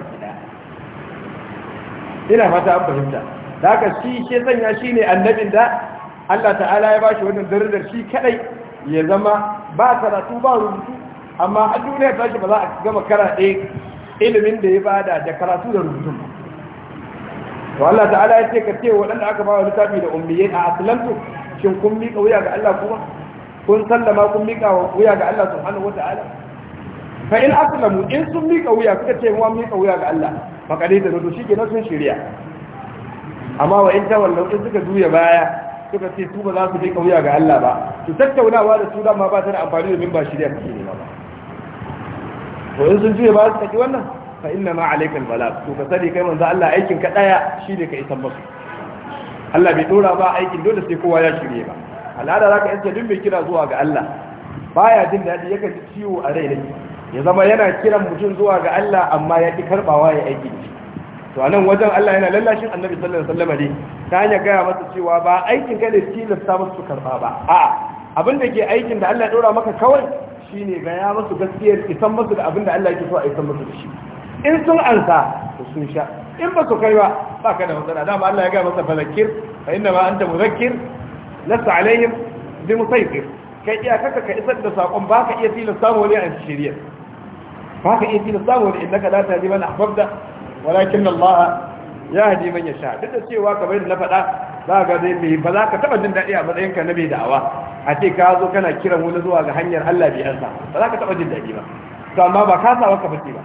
ke ina fata an fahimta da haka shi ke sanya shi ne annabin da Allah ta'ala ya bashi wannan darajar shi kadai ya zama ba karatu ba rubutu amma a duniya ta shi ba za a gama kara ilimin da ya bada da karatu da rubutun ba to Allah ta'ala ya ce ka ce waɗanda aka ba wa littafi da ummiyai a aslantu shin kun miƙa wuya ga Allah kuma kun sallama kun mika wuya ga Allah subhanahu wata'ala fa in aslamu in sun mika wuya suka ce wa mika wuya ga Allah fa kadai da to shike na sun shirya amma wa in tawallu in suka juya baya suka ce su ba za su mika wuya ga Allah ba su tattaunawa da su da ma ba ta da amfani domin ba shirya kake ne ba to in sun juya baya su ce wannan fa inna ma alaikal balagh to ka sani kai manzo Allah aikin ka daya shine ka isan musu Allah bai dora ba aikin dole sai kowa ya shirye ba al'ada za ka yanke duk mai kira zuwa ga Allah baya jin daɗi ya kaji ciwo a rai ya zama yana kiran mutum zuwa ga Allah amma ya ki karbawa ya aiki to a nan wajen Allah yana lallashin annabi sallallahu alaihi wasallam ne ta hanyar gaya masa cewa ba aikin ka ne ta musu karba ba a'a abin da ke aikin da Allah ya dora maka kawai shine gaya musu gaskiyar isan musu da abin da Allah yake so a isan musu da shi in sun ansa to sun sha in ba su kai ba ba ka da matsala dama Allah ya gaya masa fazakir fa inna ma anta muzakkir lasta alaihim bi musaitir kai iya kaka ka isar da sakon baka iya tilasta samu wani a shirya baka iya tilasta samu wani innaka la tahdi man ahbabta walakin Allah ya hadi man yasha duk da cewa kamar da na faɗa za ga dai bai ba za ka taɓa jin daɗi a matsayin ka na mai da'awa a ce ka zo kana kiran wani zuwa ga hanyar Allah bai ansa ba za ka taɓa jin daɗi ba to amma ba ka sawa ka fice ba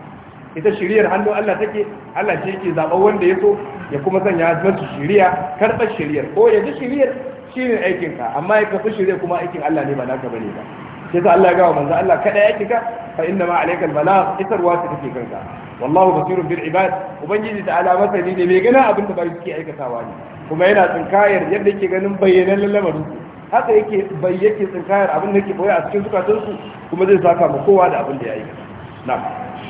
ita shiriyar hannu Allah take Allah ce yake zaɓar wanda ya so ya kuma sanya masa shiriya karɓar shiriyar ko ya ji shiriyar shine aikinka amma ya kafi shirye kuma aikin Allah ne ba naka bane ba sai ta Allah ya gawa manzo Allah kada ya ka fa inna ma alayka albalagh itarwa ta take kanka wallahu basirun bil ibad ubangiji ta ala masa ne mai gana abin da bai suke aikatawa ne kuma yana tsinkayar yadda yake ganin bayyanan lamarin su haka yake bayyake tsinkayar abin da yake boye a cikin zukatun su kuma zai saka ma kowa da abin da ya aikata na'am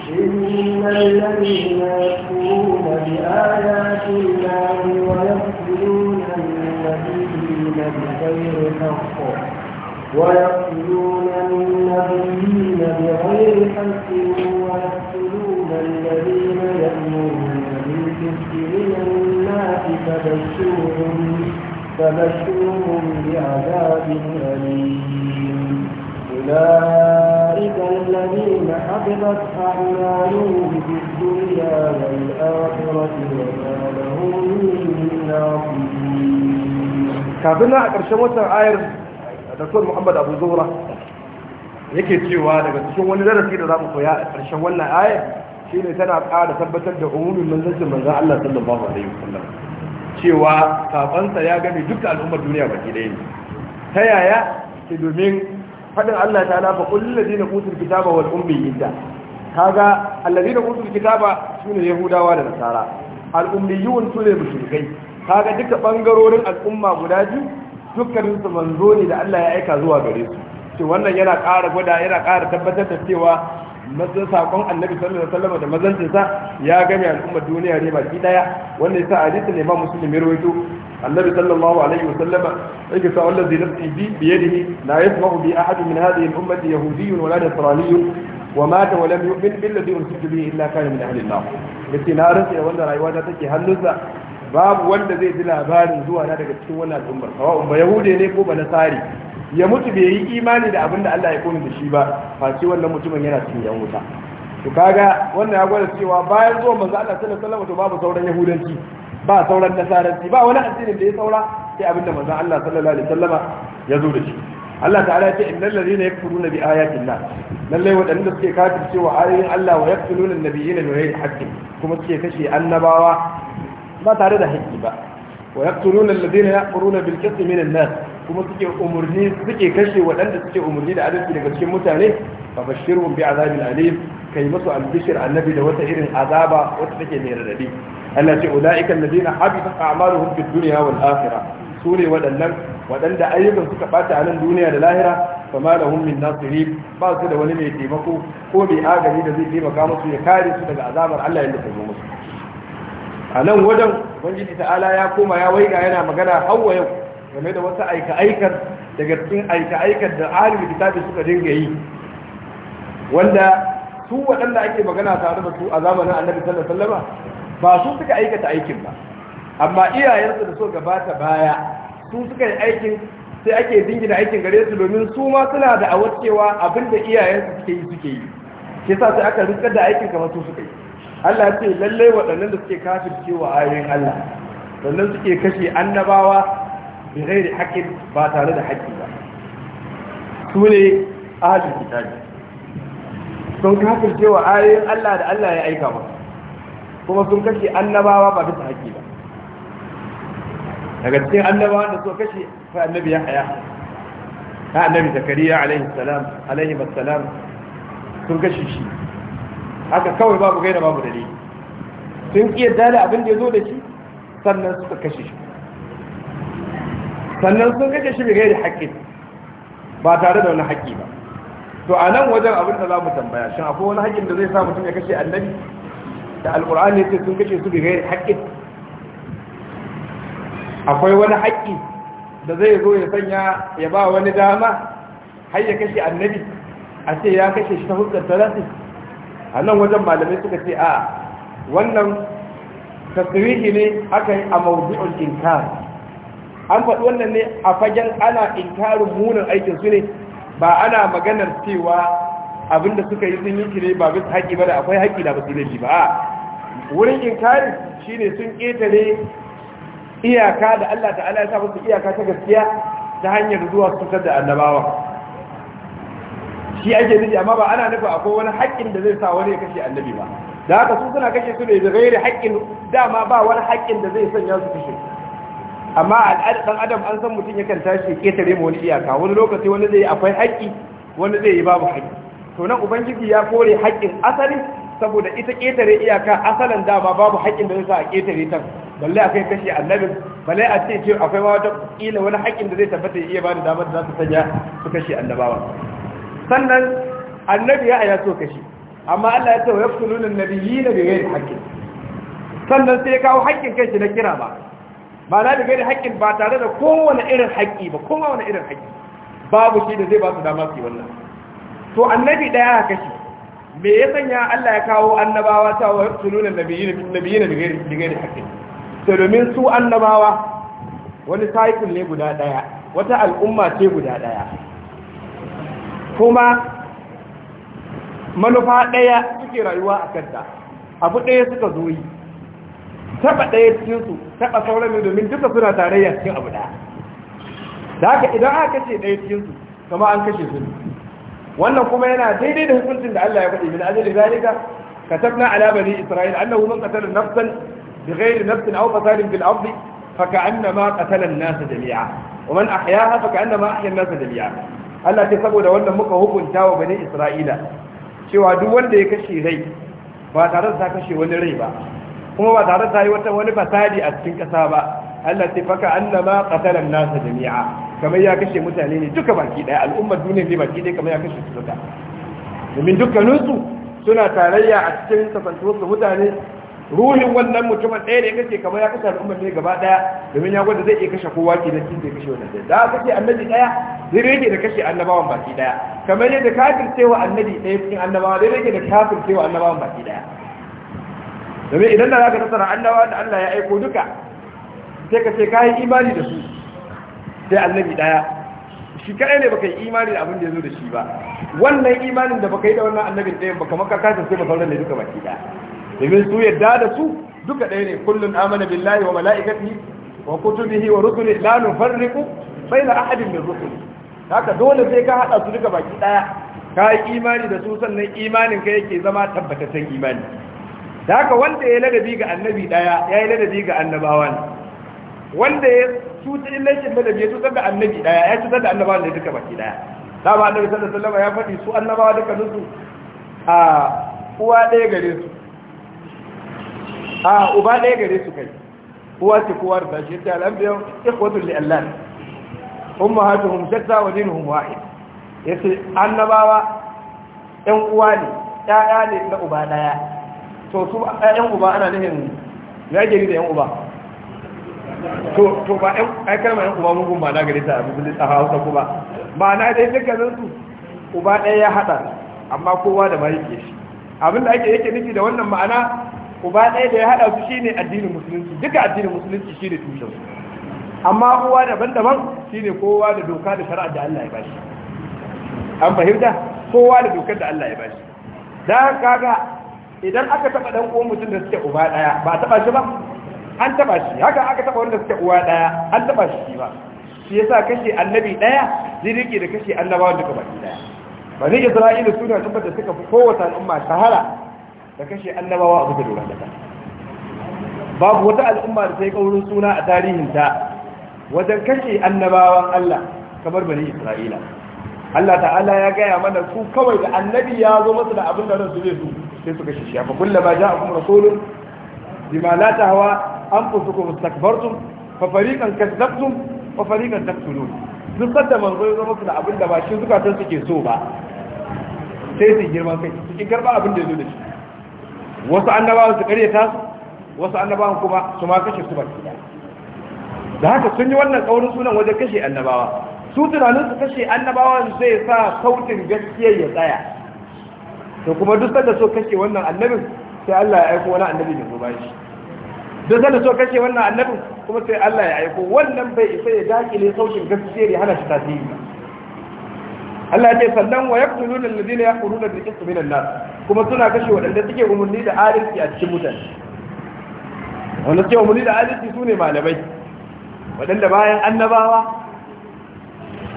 إن الذين يكفرون بآيات الله ويقتلون النبيين بغير حق ويقتلون النبيين بغير حق ويقتلون الذين يأمرون بالكفر من الناس فبشرهم فبشرهم بعذاب أليم أولئك الذين حفظت أعمالهم في الدنيا والآخرة وما لهم من ناصرين kafin na a ƙarshen watan ayar dr muhammad abu zura yake cewa daga cikin wani darasi da za mu koya a ƙarshen wannan ayar shine tana ƙara tabbatar da umumin manzancin manzan allah sallallahu alaihi wasallam cewa sabansa ya gane duka al'ummar duniya baki ɗaya ne ta yaya ke domin faɗin allah ta lafa kullum da zina kutun kitaba wa ummiyin da kaga allazi da kitaba yahudawa da nasara al'ummiyun su ne kaga duka bangarorin al'umma guda biyu dukkanin su manzo ne da Allah ya aika zuwa gare su to wannan yana ƙara gwada yana ƙara tabbatar da cewa mazan sakon annabi sallallahu alaihi wasallam da mazancinsa ya gami al'ummar duniya ne baki daya wanda yasa hadisi ne ma muslim ya rawaito annabi sallallahu alaihi wasallam yake sa wallazi nafsi bi biyadihi la yasma'u bi ahad min hadhihi al-ummati yahudiyyun wala nasraniyyun wa mata wa lam yu'min billadhi ursiltu bihi illa kana min ahli an-nar yace na rantsa wanda rayuwa ta take hannunsa babu wanda zai ji labarin zuwa na daga cikin wannan al'umma ba yahude ne ko ba nasari ya mutu bai yi imani da abin da Allah ya koni da shi ba face wannan mutumin yana cikin yan wuta to kaga wannan ya gwada cewa bayan zuwa manzo Allah sallallahu alaihi wasallam to babu sauran yahudanci ba sauran nasaranci ba wani addinin da ya saura sai abin da manzo Allah sallallahu alaihi wasallama ya zo da shi Allah ta'ala ya ce innal ladina yakfuruna bi ayatin Allah lalle wadanda suke kafircewa ayoyin Allah wa yaqtuluna an-nabiyina bi ghairi haqqin kuma suke kashe annabawa ba tare da haƙƙi ba wa yaqtuluna alladhina ya'muruna bil qisti min an-nas kuma suke umurni suke kashe waɗanda suke umurni da adalci daga cikin mutane fa bashirhum bi azabil alim kai musu albishir annabi da wata irin azaba wata take mai radadi Allah ce ulaika alladhina habita a'maluhum fid dunya wal akhirah sune waɗannan waɗanda ayyukan suka bata a nan duniya da lahira fama lahum min nasirin ba su da wani mai taimako ko mai agani da zai taimaka musu ya kare su daga azabar Allah yadda ta zo musu a nan wajen ubangiji ta'ala ya koma ya waiga yana magana hawa yau game da wasu aika-aikar daga cikin aika-aikar da ahalin kitabi suka dinga yi wanda su waɗanda ake magana tare da su a zamanin annabi sallallahu alaihi wasallam ba su suka aikata aikin ba amma iyayensu da so gabata baya su suka yi aikin sai ake dingina aikin gare su domin su ma suna da awacewa abinda iyayensu suke yi suke yi shi sa sai aka rikar da aikin kamar su suka yi Allah ce lallai waɗannan da suke kafin cewa ayoyin Allah sannan suke kashe annabawa bi ghairi haqqin ba tare da haƙƙi ba su ne ahlul kitabi sun kafin cewa ayoyin Allah da Allah ya aika ba kuma sun kashe annabawa ba bisa haƙƙi ba daga cikin annabawa da suka kashe fa annabi ya haya ta annabi zakariya alaihi salam alaihi salam sun kashe shi haka kawai babu gaira babu dalili sun iya dala abin da ya zo da shi sannan suka kashe shi sannan sun kashe shi bai gaira haƙƙin ba tare da wani haƙƙi ba to a nan wajen abin da za mu tambaya shin akwai wani haƙƙin da zai sa mutum ya kashe annabi da alƙur'ani ya ce sun kashe su bai gaira haƙƙin? akwai wani haƙƙi da zai zo ya sanya ya ba wani dama har ya kashe annabi a ce ya kashe shi ta hujjar talati a nan wajen malamai suka ce a wannan tasirihi ne aka yi a mawuzi'ul inkar an faɗi wannan ne a fagen ana inkarin munin aikin su ne ba ana maganar cewa abinda suka yi sun yi shi ne ba bisa haƙi ba da akwai haƙi da basu laifi ba wurin inkarin ne sun ƙetare iyaka da Allah ta'ala ya sa musu iyaka ta gaskiya ta hanyar zuwa su da annabawa shi ake nufi amma ba ana nufi akwai wani haƙƙin da zai sa wani ya kashe annabi ba da haka su suna kashe su ne da gairi haƙƙin dama ba wani haƙƙin da zai sanya su kashe amma al'adar ɗan adam an san mutum yakan tashi ketare mu wani iyaka wani lokaci wani zai akwai haƙƙi wani zai yi babu haƙƙi to nan ubangiji ya kore haƙƙin asali saboda ita ketare iyaka asalin dama babu haƙƙin da zai sa a ketare tan balle akai kashe annabi balle a ce ce akwai wata ƙila wani haƙƙin da zai tabbata ya iya ba da damar da za su sanya su kashe annabawa sannan annabi ya aya so kashi amma Allah ya ce wa yaqtuluna an-nabiyina bighayri haqqin sannan sai ya kawo haƙƙin kai shi na kira ba ba na bighayri haqqin ba tare da kowane irin haƙƙi ba kowane irin haƙƙi babu shi da zai ba su dama su wannan to annabi daya kashi me ya sanya Allah ya kawo annabawa ta wa yaqtuluna an-nabiyina nabiyina bighayri bighayri haqqin to domin su annabawa wani cycle ne guda daya wata al'umma ce guda daya kuma manufa ɗaya suke rayuwa a kanta abu ɗaya suka zo yi taɓa ɗaya cikinsu taɓa sauran ne domin duka suna tarayya cikin abu ɗaya da haka idan aka kashe ɗaya cikinsu kama an kashe su wannan kuma yana daidai da hukuncin da Allah ya faɗi min ajali zalika katabna ala bani isra'il annahu man qatala nafsan bighayri nafsin aw fasadin fil ardi فكأنما قتل الناس جميعا ومن أحياها فكأنما أحيا nasa jami'a. Allah ce saboda wannan muka hukunta wa bani Isra'ila cewa duk wanda ya kashe rai ba tare da ta kashe wani rai ba kuma ba tare da ta yi wata wani fasadi a cikin ƙasa ba Allah ce faka annama qatala an-nas jami'a kamar ya kashe mutane ne duka baki daya al'ummar duniya ne baki daya kamar ya kashe su duka domin dukkaninsu suna tarayya a cikin kasantuwar mutane ruhin wannan mutumin ɗaya da ya kace kamar ya kashe al'ummar ne gaba ɗaya domin ya gwada zai iya kashe kowa ke da cikin da kashe wannan da za ce annabi ɗaya zai rage da kashe annabawan baki ɗaya kamar yadda kafir cewa annabi ɗaya cikin annabawa zai rage da kafir cewa annabawan baki ɗaya domin idan da za ka tattara annabawa da Allah ya aiko duka sai ka ce ka yi imani da su sai annabi ɗaya shi kaɗai ne baka yi imani da abin da ya zo da shi ba wannan imanin da baka yi da wannan annabin ɗayan ba kamar ka sai ba sauran ne duka baki ɗaya domin su yadda da su duka ɗaya ne kullum amana billahi wa mala'ikati wa kutubihi wa rusuli la nufarriqu baina ahadin min rusuli haka dole sai ka hada su duka baki daya ka yi imani da su sannan imanin ka yake zama tabbataccen imani da haka wanda ya ladabi ga annabi daya ya yi ladabi ga annabawan wanda ya cuta illashin ladabi ya cutar da annabi daya ya cutar da annabawan da duka baki daya dama annabi sallallahu alaihi wasallam ya faɗi su annabawa duka nusu a uwa ɗaya gare su a uba ɗaya gare su kai kuwa ce kuwa da shi ta al'ambiyan allah li'allan ma hatu hun shatta wa dinuhum Ya ce annabawa ɗan uwa ne ɗaya ne na uba ɗaya to su ɗan uba ana nufin ya gari da ɗan uba to ba ai kalmar ɗan uba mugun ba na gari ta musulun a hausa kuma ba na dai dukkanin su uba ɗaya ya haɗa amma kowa da ma yake shi abinda ake yake nufi da wannan ma'ana uba ɗaya da ya haɗa su shine addinin musulunci duka addinin musulunci shine tushen amma kowa daban-daban shine kowa da doka da shari'a da Allah ya bashi an fahimta kowa da doka da Allah ya bashi da kaga idan aka taba dan uwan mutum da suke uba ɗaya, ba taba shi ba an taba shi haka aka taba wanda suke uwa ɗaya, an taba shi ba shi yasa kashe annabi daya zai rike da kashe annabawan duka baki daya bani isra'ila suna tabbata suka fi kowace al'umma shahara da kashe annabawa a duka lura da ta. babu wata al'umma da ta yi kaurin suna a tarihinta wajen kashe annabawan Allah kamar bani Isra'ila Allah ta'ala ya gaya mana su kawai da annabi ya zo masu da abin da su zai su sai su kashe shi ja a kuma rasulun bima la tahwa anfusukum istakbartum fa fariqan kadzabtum wa fariqan taqtulun duk da manzo ya zo masu da abin da ba shi zukatan suke so ba sai su girman kai su karba abin da ya zo da shi wasu annabawan su kare ta wasu annabawan kuma su ma kashe su baki da da haka sun yi wannan tsaurin sunan wajen kashe annabawa su tunanin su kashe annabawan zai sa sautin gaskiya ya tsaya to kuma duk sanda so kashe wannan annabin sai Allah ya aiko wani annabi da gobe shi duk sanda so kashe wannan annabin kuma sai Allah ya aiko wannan bai isa ya dakile sautin gaskiya ya hana shi tasiri Allah ce sannan wa yaqtuluna alladhina yaquluna bil qisti minan nas kuma suna kashe wadanda suke umurni da adalci a cikin mutane wanda suke umurni da adalci sune malamai wadanda bayan annabawa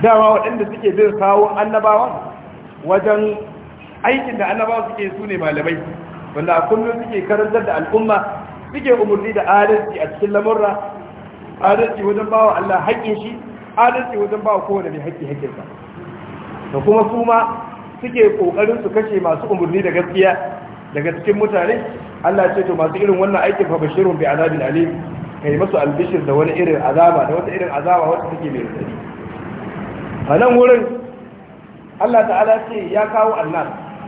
dama wadanda suke bin sawo annabawa wajen aikin da annabawa suke sune malamai wanda a kullum suke karantar da al'umma suke umurni da adalci a cikin lamurra adalci wajen bawa Allah haƙƙin shi adalci wajen bawa kowane mai haƙƙi haƙƙinsa da kuma su ma suke kokarin su kashe masu umarni da gaskiya daga cikin mutane Allah ce to masu irin wannan aikin fa bashirun bi azabin alim kai masu albishir da wani irin azaba da wata irin azaba wata take mai tsari. a nan wurin Allah ta'ala ce ya kawo annas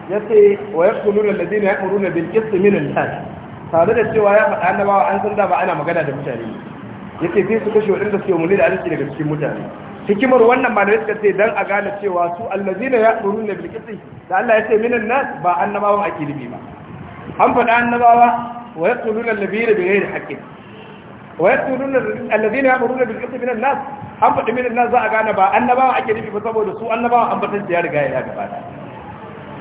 ya ce wa yaquluna alladhina ya'muruna bil qisti min al-nas tare da cewa ya faɗa annabawa an san da ba ana magana da mutane yake sai su kashe waɗanda suke umarni da alƙi daga cikin mutane hikimar wannan malamai suka ce dan a gane cewa su allazina ya'muruna bil qisti da Allah ya ce minan nas ba annabawan ake nufi ba an faɗa annabawa wa ya yaquluna allazina bi da hakki wa ya yaquluna allazina ya'muruna bil qisti minan nas an faɗi minan nas za a gane ba annabawan ake nufi ba saboda su annabawan an fatan ya riga ya gabata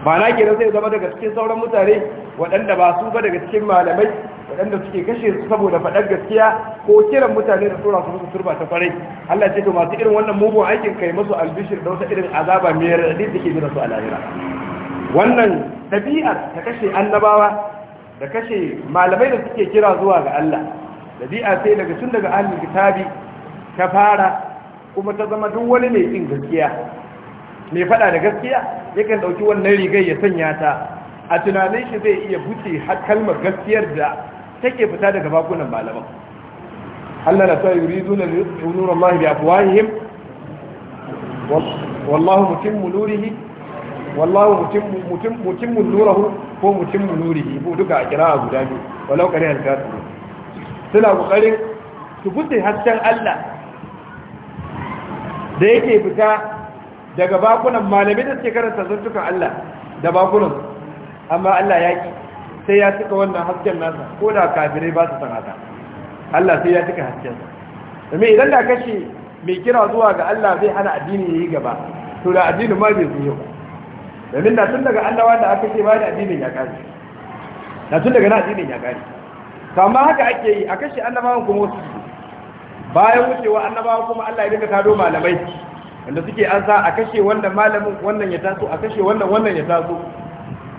na kenan zai zama daga cikin sauran mutane waɗanda ba su ba daga cikin malamai waɗanda suke kashe su saboda faɗar gaskiya ko kiran mutane da tura su musu turba ta farai Allah ce to masu irin wannan mugun aikin kai musu albishir da wata irin azaba mai radadi da ke jira su a lahira wannan ɗabi'ar ta kashe annabawa da kashe malamai da suke kira zuwa ga Allah ɗabi'a sai daga tun daga ahlul kitabi ta fara kuma ta zama duk wani mai yin gaskiya mai fada da gaskiya ya kan dauki wannan rigar ya sanya ta a tunanin shi zai iya buce kalmar gaskiyar da take fita daga bakunan malaman Allah na sai yuriduna nurul Allah bi afwahihim wallahu mutimmu nurihi wallahu mutimmu mutimmu mutimmu nurahu ko mutimmu nurihi ko duka a kira guda biyu walau kare al-kafir suna kokarin su buce hasken Allah da yake fita daga bakunan malamai da suke karanta zantukan Allah da bakunan amma Allah ya ki sai ya cika wannan hasken nasa ko da kafirai ba su sanata Allah sai ya cika hasken sa domin idan da kashe mai kira zuwa ga Allah zai hana addini yayi gaba to da addini ma bai zuwa ba domin da tun daga Allah wanda aka ce ba da addinin ya kare da tun daga na addinin ya kare kama haka ake yi a kashi annabawan kuma wasu bayan wucewa annabawan kuma Allah ya dinga tado malamai wanda suke an sa a kashe wannan malamin wannan ya taso a kashe wannan wannan ya taso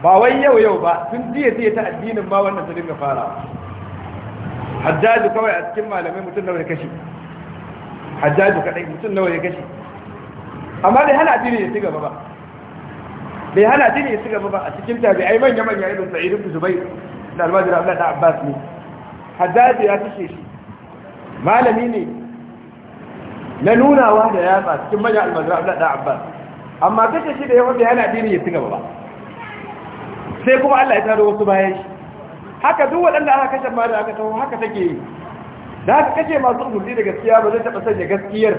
ba wai yau yau ba tun jiya jiya ta addinin ba wannan su dinga fara. hajjaji kawai a cikin malamai mutum nawa ya kashe hajjaji kadai mutum nawa ya kashe amma bai hana addini ya ci gaba ba bai hana addini ya ci gaba ba a cikin tabi ai manya manya irin sa'id ibn zubair da almajira abdullah abbas ne hajjaji ya kashe shi malami ne na nunawa da yatsa cikin manyan a abu da abbas amma kace shi da yawan da yana dini ya ci gaba ba sai kuma allah ya taro wasu bayan shi haka duk waɗanda aka kashe ma da aka taho haka take yi da aka kashe masu gurbi da gaskiya ba zai taɓa sanya gaskiyar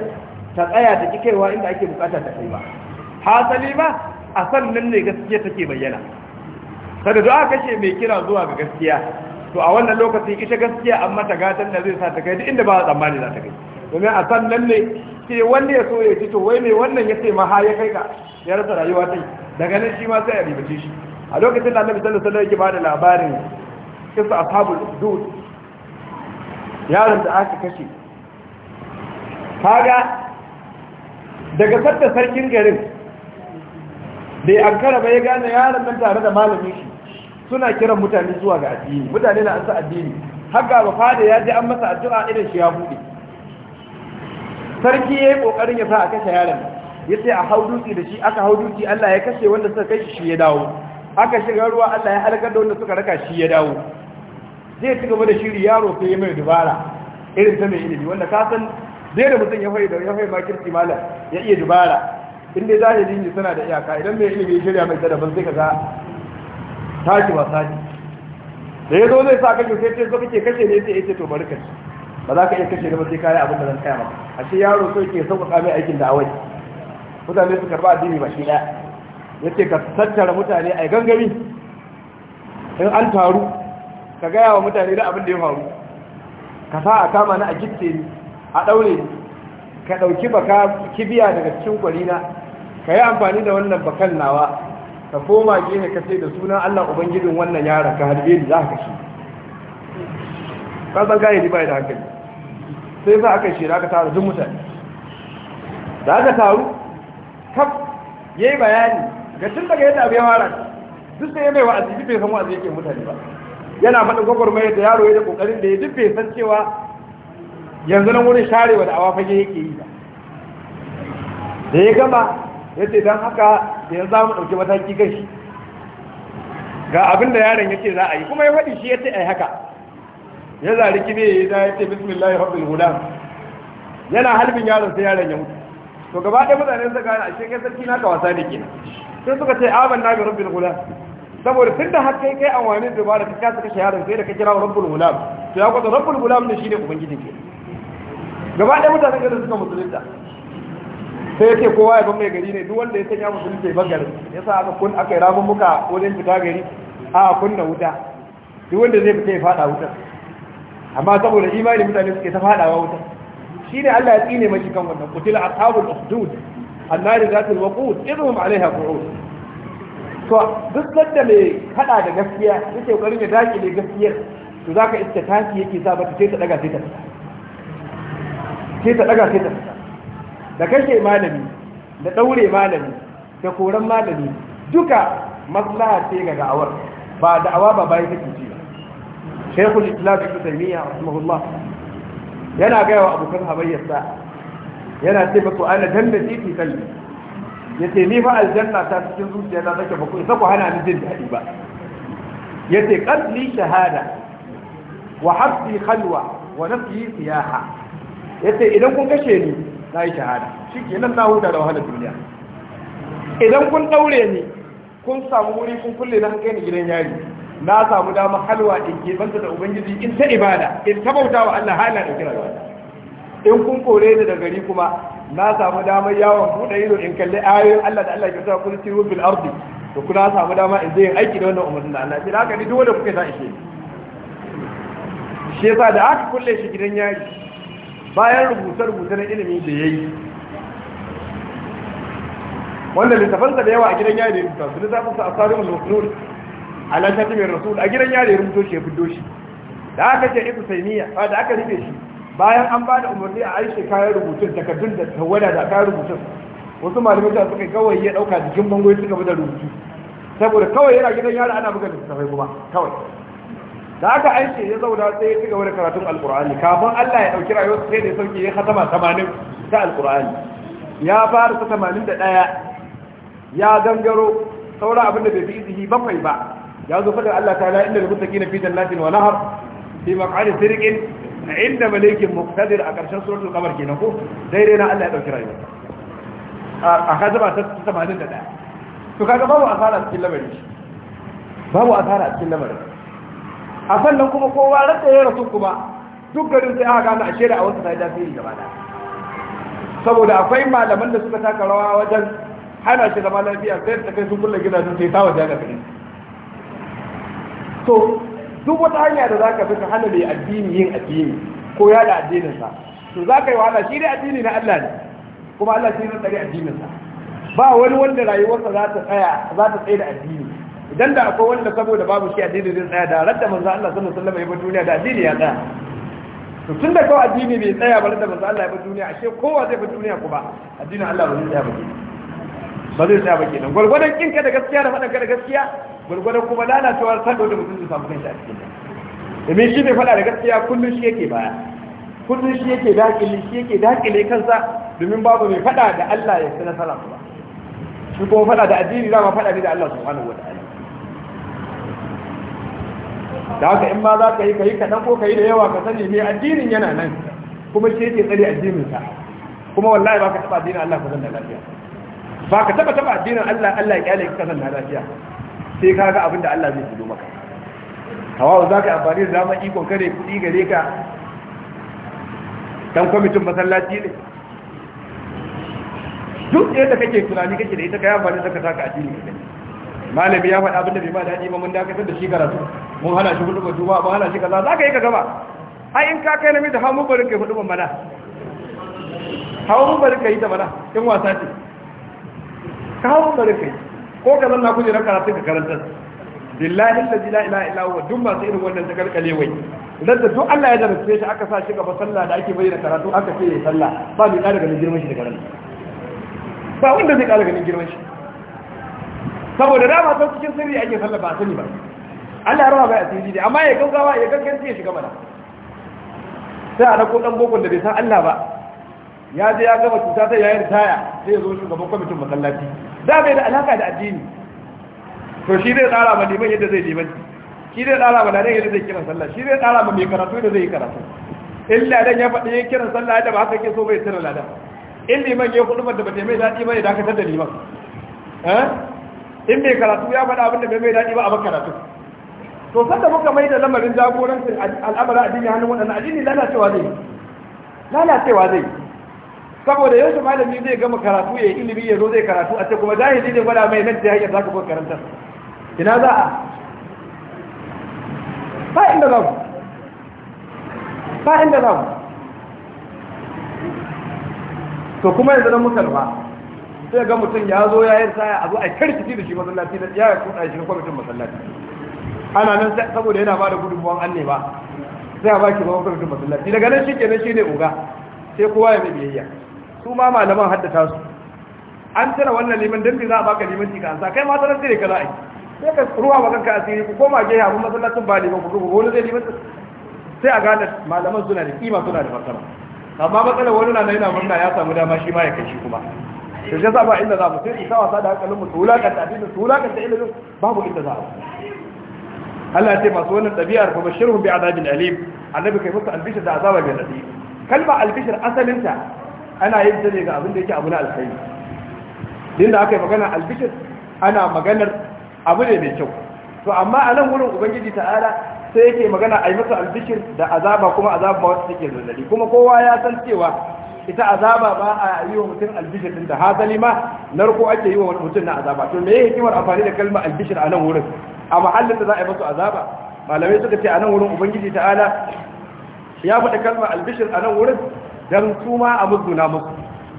ta tsaya ta ki kaiwa inda ake bukata ta kai ba hasali ma a sannan ne gaskiya take bayyana kada da aka kashe mai kira zuwa ga gaskiya to a wannan lokacin ita gaskiya amma ta gatan da zai sa ta kai duk inda ba tsammani za ta kai domin a san nan ne sai wanda ya so ya fito wai mai wannan ya ce ha ya kai ka ya rasa rayuwa ta daga nan shi ma sai a ribace shi a lokacin da annabi sallallahu alaihi wasallam ya bada labarin kisa ashabul dud yaron da aka kashe kaga daga sadda sarkin garin bai ankara ba ya gane yaron nan tare da malamin shi suna kiran mutane zuwa ga addini mutane na addini har ga ba fada ya je an masa addu'a idan shi ya bude sarki ya yi ƙoƙarin ya sa a kashe yaron ya ce a hau dutse da shi aka hau dutse Allah ya kashe wanda suka kai shi ya dawo aka shiga ruwa Allah ya halakar da wanda suka raka shi ya dawo zai ci gaba da shiri yaro sai ya mai dubara irin ta mai ilimi wanda ka san zai da mutum ya fai da ya fai kirki malam ya iya dubara in dai zahiri ne suna da iyaka idan mai ilimi ya shirya mai sadafin sai ka ga tashi wasa ne da ya zo zai sa kashe sai ce zo kake kashe ne sai ya ce to bari ba za ka iya kashe ba sai kayan abin da zan kaya maka ashe yaro so ke sauƙaƙa mai aikin da awai mutane su karɓa addini ba shi ɗaya ya ce ka tattara mutane a gangami in an taru ka gaya wa mutane da abin da ya faru ka sa a kama na a gitse ni a ɗaure ni ka ɗauki baka kibiya daga cikin kwalina ka yi amfani da wannan bakan nawa ka koma gefe ka ce da sunan allah ubangijin wannan yaron ka harbe ni za ka kashe ka san kayan ba da hankali sai za a kai shi da aka taru duk mutane da aka taru kaf ya yi bayani ga tun daga yadda abu ya fara duk sai ya mai wa'azi duk bai san wa'azi yake mutane ba yana faɗin mai da yaro ya da ƙoƙarin da ya duk bai san cewa yanzu nan wurin sharewa da awa fage yake yi ba da ya gama ya ce don haka da yanzu za mu ɗauki mataki gashi ga abin da yaron ya ce za a yi kuma ya faɗi shi ya ce a yi haka ya zari kibe ya ya ce bismillahir rabbil guda yana halbin yaron sai yaron ya mutu to gaba ɗaya mutane suka gane a kai sarki ka wasa ne kenan sai suka ce aban na bi rabbil gulam saboda tun da har kai kai amfani da ba da ka kasa kashe yaron sai da ka kira rabbul gulam to ya kwata rabbul gulam ne shine ubangijin ke gaba ɗaya mutane garin suka musulunta sai ya ce kowa ya ban mai gari ne duk wanda ya sanya musulunta ya ban ya sa aka kun aka yi ramin muka wajen fita gari a kunna wuta duk wanda zai fita ya fada wutar amma saboda imani mutane suke ta fadawa wuta shi ne Allah ya tsine mashi kan wannan kutila ashabul ukhdud annari zatul waqud idhum alaiha qu'ud to duk sanda mai kada da gaskiya yake kokarin ya dake da gaskiyar to zaka iska tafi yake sa sai ta daga sai ta sai ta daga sai ta da kashe malami da daure malami da koran malami duka maslaha ce ga da'awar ba da'awa ba bai take ci shekul islam ibn taymiya rahimahullah yana gaya wa abokan hamayyarsa yana ce musu ana danna titi kalli ya ce ni fa aljanna ta cikin zuciya na take ba ku isa ku hana ni jin daɗi ba ya ce qatli shahada wa habsi khalwa wa nafsi siyaha ya ce idan kun kashe ni na yi shahada shi kenan na huta da wahalar duniya idan kun ɗaure ni kun samu wuri kun kulle na hankali gidan yari na samu dama halwa in ke banta da ubangiji in ta ibada in ta bauta wa Allah hala da kira da in kun kore ni da gari kuma na samu dama yawon bude ido in kalli ayoyin Allah da Allah ke sa kun tiru bil ardi to kuna samu dama in zai aiki da wannan umarnin Allah sai haka ni duk wanda kuke sa ishe shi yasa da aka kulle shi gidan yari bayan rubuce-rubuce na ilimi da yayi wanda littafansa da yawa a gidan yari da rubuta su littafinsa a tsarin ala katimin rasul a gidan yare rubuto shi ya fiddo shi da aka ce ibnu taymiya da aka rufe shi bayan an ba da umarni a aishe kayan rubutun takardun da tawada da kayan rubutun wasu malamai da suka kawai ya dauka jikin bango ya cigaba da rubutu saboda kawai yana gidan yara ana buga littattafai kuma kawai da aka aishe ya zauna sai ya cigaba da karatun alkur'ani kafin Allah ya dauki rayuwar sai da ya ya khatama 80 ta alkur'ani ya fara ta 81 ya gangaro saura abin da bai bi izihi bakwai ba ya zo fadar Allah Ta ta'ala inda da mutaki na fi jannatin wa nahar fi maq'adi sirqin inda malikin muqtadir a ƙarshen suratul qamar kenan ko daidai na Allah ya ɗauki rayuwa a kazaba ta 81 to kaga babu asara a cikin lamarin babu asara a cikin lamarin a sannan kuma kowa rasa ya rasu kuma duk garin sai aka gano a shaida a wasu sai da fili gaba da saboda akwai malaman da suka taka rawa wajen hana shi zama lafiya sai ta kai sun kulle gidajen sai ta waje ga gari So duk wata hanya da za ka fi ka hana mai addini yin addini ko ya da addininsa to za ka yi wahala shi dai addini na Allah ne kuma Allah shi zai tsare addininsa ba wani wanda rayuwarsa za ta tsaya za ta tsaye da addini idan da akwai wanda saboda babu shi addini zai tsaya da radda manzo Allah sallallahu alaihi wasallam ya bar duniya da addini ya tsaya to tun da kawai addini bai tsaya ba radda manzo Allah ya bar duniya ashe kowa zai bar duniya kuma addinin Allah ba zai tsaya ba ba zai tsaya ba kenan gwargwadon kinka da gaskiya da faɗanka da gaskiya gwargwado kuma lalacewar sado da mutum zai samu kanshi a cikin domin shi mai faɗa da gaskiya kullum shi yake baya kullum shi yake dakile shi yake dakile kansa domin babu mai faɗa da Allah ya fi nasara ba shi kuma faɗa da addini dama faɗa ne da Allah subhanahu wa ta'ala da haka in ma za ka yi ka yi ko ka yi da yawa ka sani mai addinin yana nan kuma shi yake tsare addinin sa kuma wallahi ba ka taɓa addinin Allah ka da lafiya ba ka taɓa taɓa addinin Allah Allah ya kyale ka da lafiya sai ka ga abin da Allah zai fito maka hawa za ka amfani da zama ikon kare kuɗi gare ka dan kwamitin masallaci ne duk yadda kake tunani kake da ita ka yi amfani da ka saka a cikin malami ya faɗa abin da bai ma daɗi ba mun dakatar da shi karatu mun hana shi hudu ba mun hana shi kaza za ka yi ka gaba ai in ka kai na mita hawa barin kai hudu ban mana hawa barin kai ta mana in wasa ce ka hawa barin kai ko ka zanna ku na karatu ka karantar billahi allazi la ilaha illa huwa duk sai irin wannan takalkale wai dan da duk Allah ya jarrace shi aka sa shi gaba sallah da ake bayyana karatu aka ce ya sallah ba mai ƙara ganin girman shi da karanta ba wanda zai ƙara ganin girman shi saboda dama san cikin sirri ake sallah ba sani ba Allah ya raba bai asiri dai amma ya gaggawa ya gaggawa sai ya shiga mana sai a rako dan bokon da bai san Allah ba ya je ya gama cuta ta yayin taya sai ya zo shugaban kwamitin masallaci da bai da alaka da addini to shi zai tsara ma liman yadda zai limanci shi zai tsara ma dare yadda zai kiran sallah shi zai tsara ma mai karatu yadda zai yi karatu in ladan ya faɗi ya kiran sallah da ba haka ke so bai tsira ladan in liman ya kudu da ba ta mai daɗi ba ya dakatar da liman eh? in mai karatu ya faɗa abin da bai mai daɗi ba a ba karatu to sanda muka mai da lamarin jagorancin al'amara addini hannun waɗannan addini lalacewa zai lalacewa zai saboda yau malami zai gama karatu ya yi ilimi ya zo zai karatu a kuma jahili ne gwada mai nan ta za ka kuma karantar ina za a fa'in da za mu ba inda za mu to kuma yanzu na musulma sai ga mutum ya zo ya yi saya a zo a karkici da shi masallaci na. ya kuma shi na kwamitin masallaci ana nan saboda yana ba da gudunmuwan an ne ba sai a ba ki ba kwamitin masallaci daga nan shi nan shi ne uga sai kowa ya mai biyayya su ma malaman haddata su an tara wannan liman don bi za a baka limanci ka ansa kai ma tarar sai ka za'a sai ka ruwa ba kanka asiri ku koma gehe abun masallacin ba liman ku wani zai liman sai a gane malaman suna da kima suna da fasara amma matsalar wani na yana murna ya samu dama shi ma ya kai shi kuma sai shi ba inda za mu sai su sawa da hankalin mu tulakanta addinin tafi da babu inda za mu Allah ya ce masu wannan ɗabi'ar kuma shirhu bi azabin alim annabi kai musu albishir da azaba mai nadi kalma albishir asalinta ana yin ta ne ga abin da yake abu na alkhairi din da aka yi magana albishir ana maganar abu ne mai kyau to amma a nan wurin ubangiji ta'ala sai yake magana a yi masa albishir da azaba kuma azaba ma wasu take zallali kuma kowa ya san cewa ita azaba ba a yi wa mutum albishir din da hazali ma narko ake yi wa mutum na azaba to me yake hikimar amfani da kalmar albishir a nan wurin a mahallin da za a yi masa azaba malamai suka ce a nan wurin ubangiji ta'ala ya faɗa kalmar albishir a nan wurin Dan su ma a musguna muku,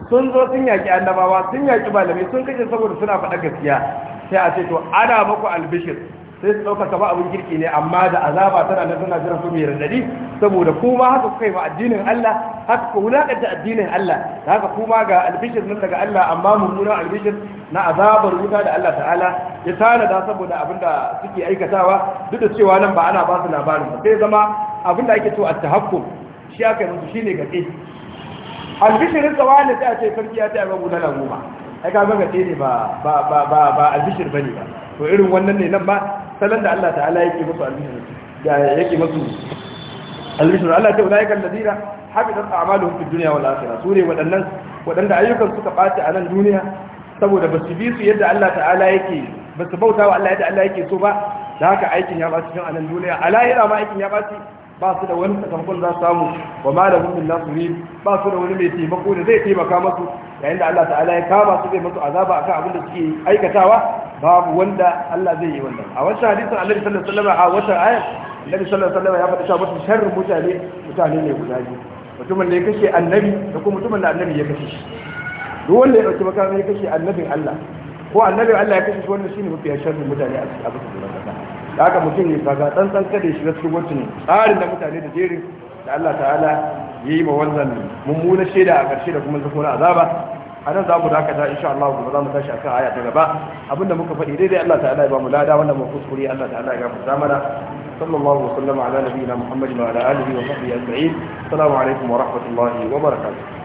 sun zo sun yaƙi annabawa sun yaƙi malamai sun kashe saboda suna faɗa gaskiya sai a ce to ana muku albishir sai su ɗauka sama abin kirki ne amma da azaba tana nan suna jiran su mai radadi saboda kuma haka kuka yi wa addinin Allah haka ku wulaƙanta addinin Allah da haka kuma ga albishir nan daga Allah amma mummunan albishir na azabar wuta da Allah ta'ala ya tana da saboda abin da suke aikatawa duk da cewa nan ba ana ba su labarin ba sai zama abin da ake so a tahakkum shi aka yi shi ne gaske. albishirin ka wani sai a ce sarki ya taya babu dala goma ai ka ga ce ne ba ba ba ba ba albishir bane ba to irin wannan ne nan ba salon da Allah ta'ala yake musu albishir ya yake musu albishir Allah ta ulai kan nadira habidat a'maluhum fid dunya wal akhirah sure wadannan wadanda ayyukan suka bace a nan duniya saboda basu bi su yadda Allah ta'ala yake basu bautawa Allah yadda Allah yake so ba da haka aikin ya ba su cikin a nan duniya a lahira ma aikin ya ba su ba su da wani sakamakon za su samu wa malamin min nasirin ba su da wani mai taimako da zai taimaka masu yayin da Allah ta'ala ya kama su zai masu azaba akan abin da suke aikatawa babu wanda Allah zai yi wannan a wancan hadisin Allah sallallahu alaihi wasallam a watan ayat Annabi sallallahu alaihi wasallam ya faɗa cewa mutum sharrin mutane mutane ne guda biyu mutumin da ya kashe annabi da kuma mutumin da annabi ya kashe shi duk wanda ya dauki makami ya kashe annabin Allah ko annabin Allah ya kashe shi wannan shine mafi sharrin mutane a cikin abin da da haka mutum ya faga tsantsan kada ya shiga cikin wancan tsarin da mutane da jerin da Allah ta'ala ya yi ma wannan mummunar shaida a ƙarshe da kuma zafi azaba a nan za mu da aka ta insha Allah gobe za mu tashi akan aya ta gaba abinda muka faɗi daidai Allah ta'ala ya ba mu lada wannan mu kuskure Allah ta'ala ya gafarta mana sallallahu alaihi wa sallam ala nabiyina Muhammad wa ala alihi wa sahbihi ajma'in assalamu alaikum wa rahmatullahi wa barakatuh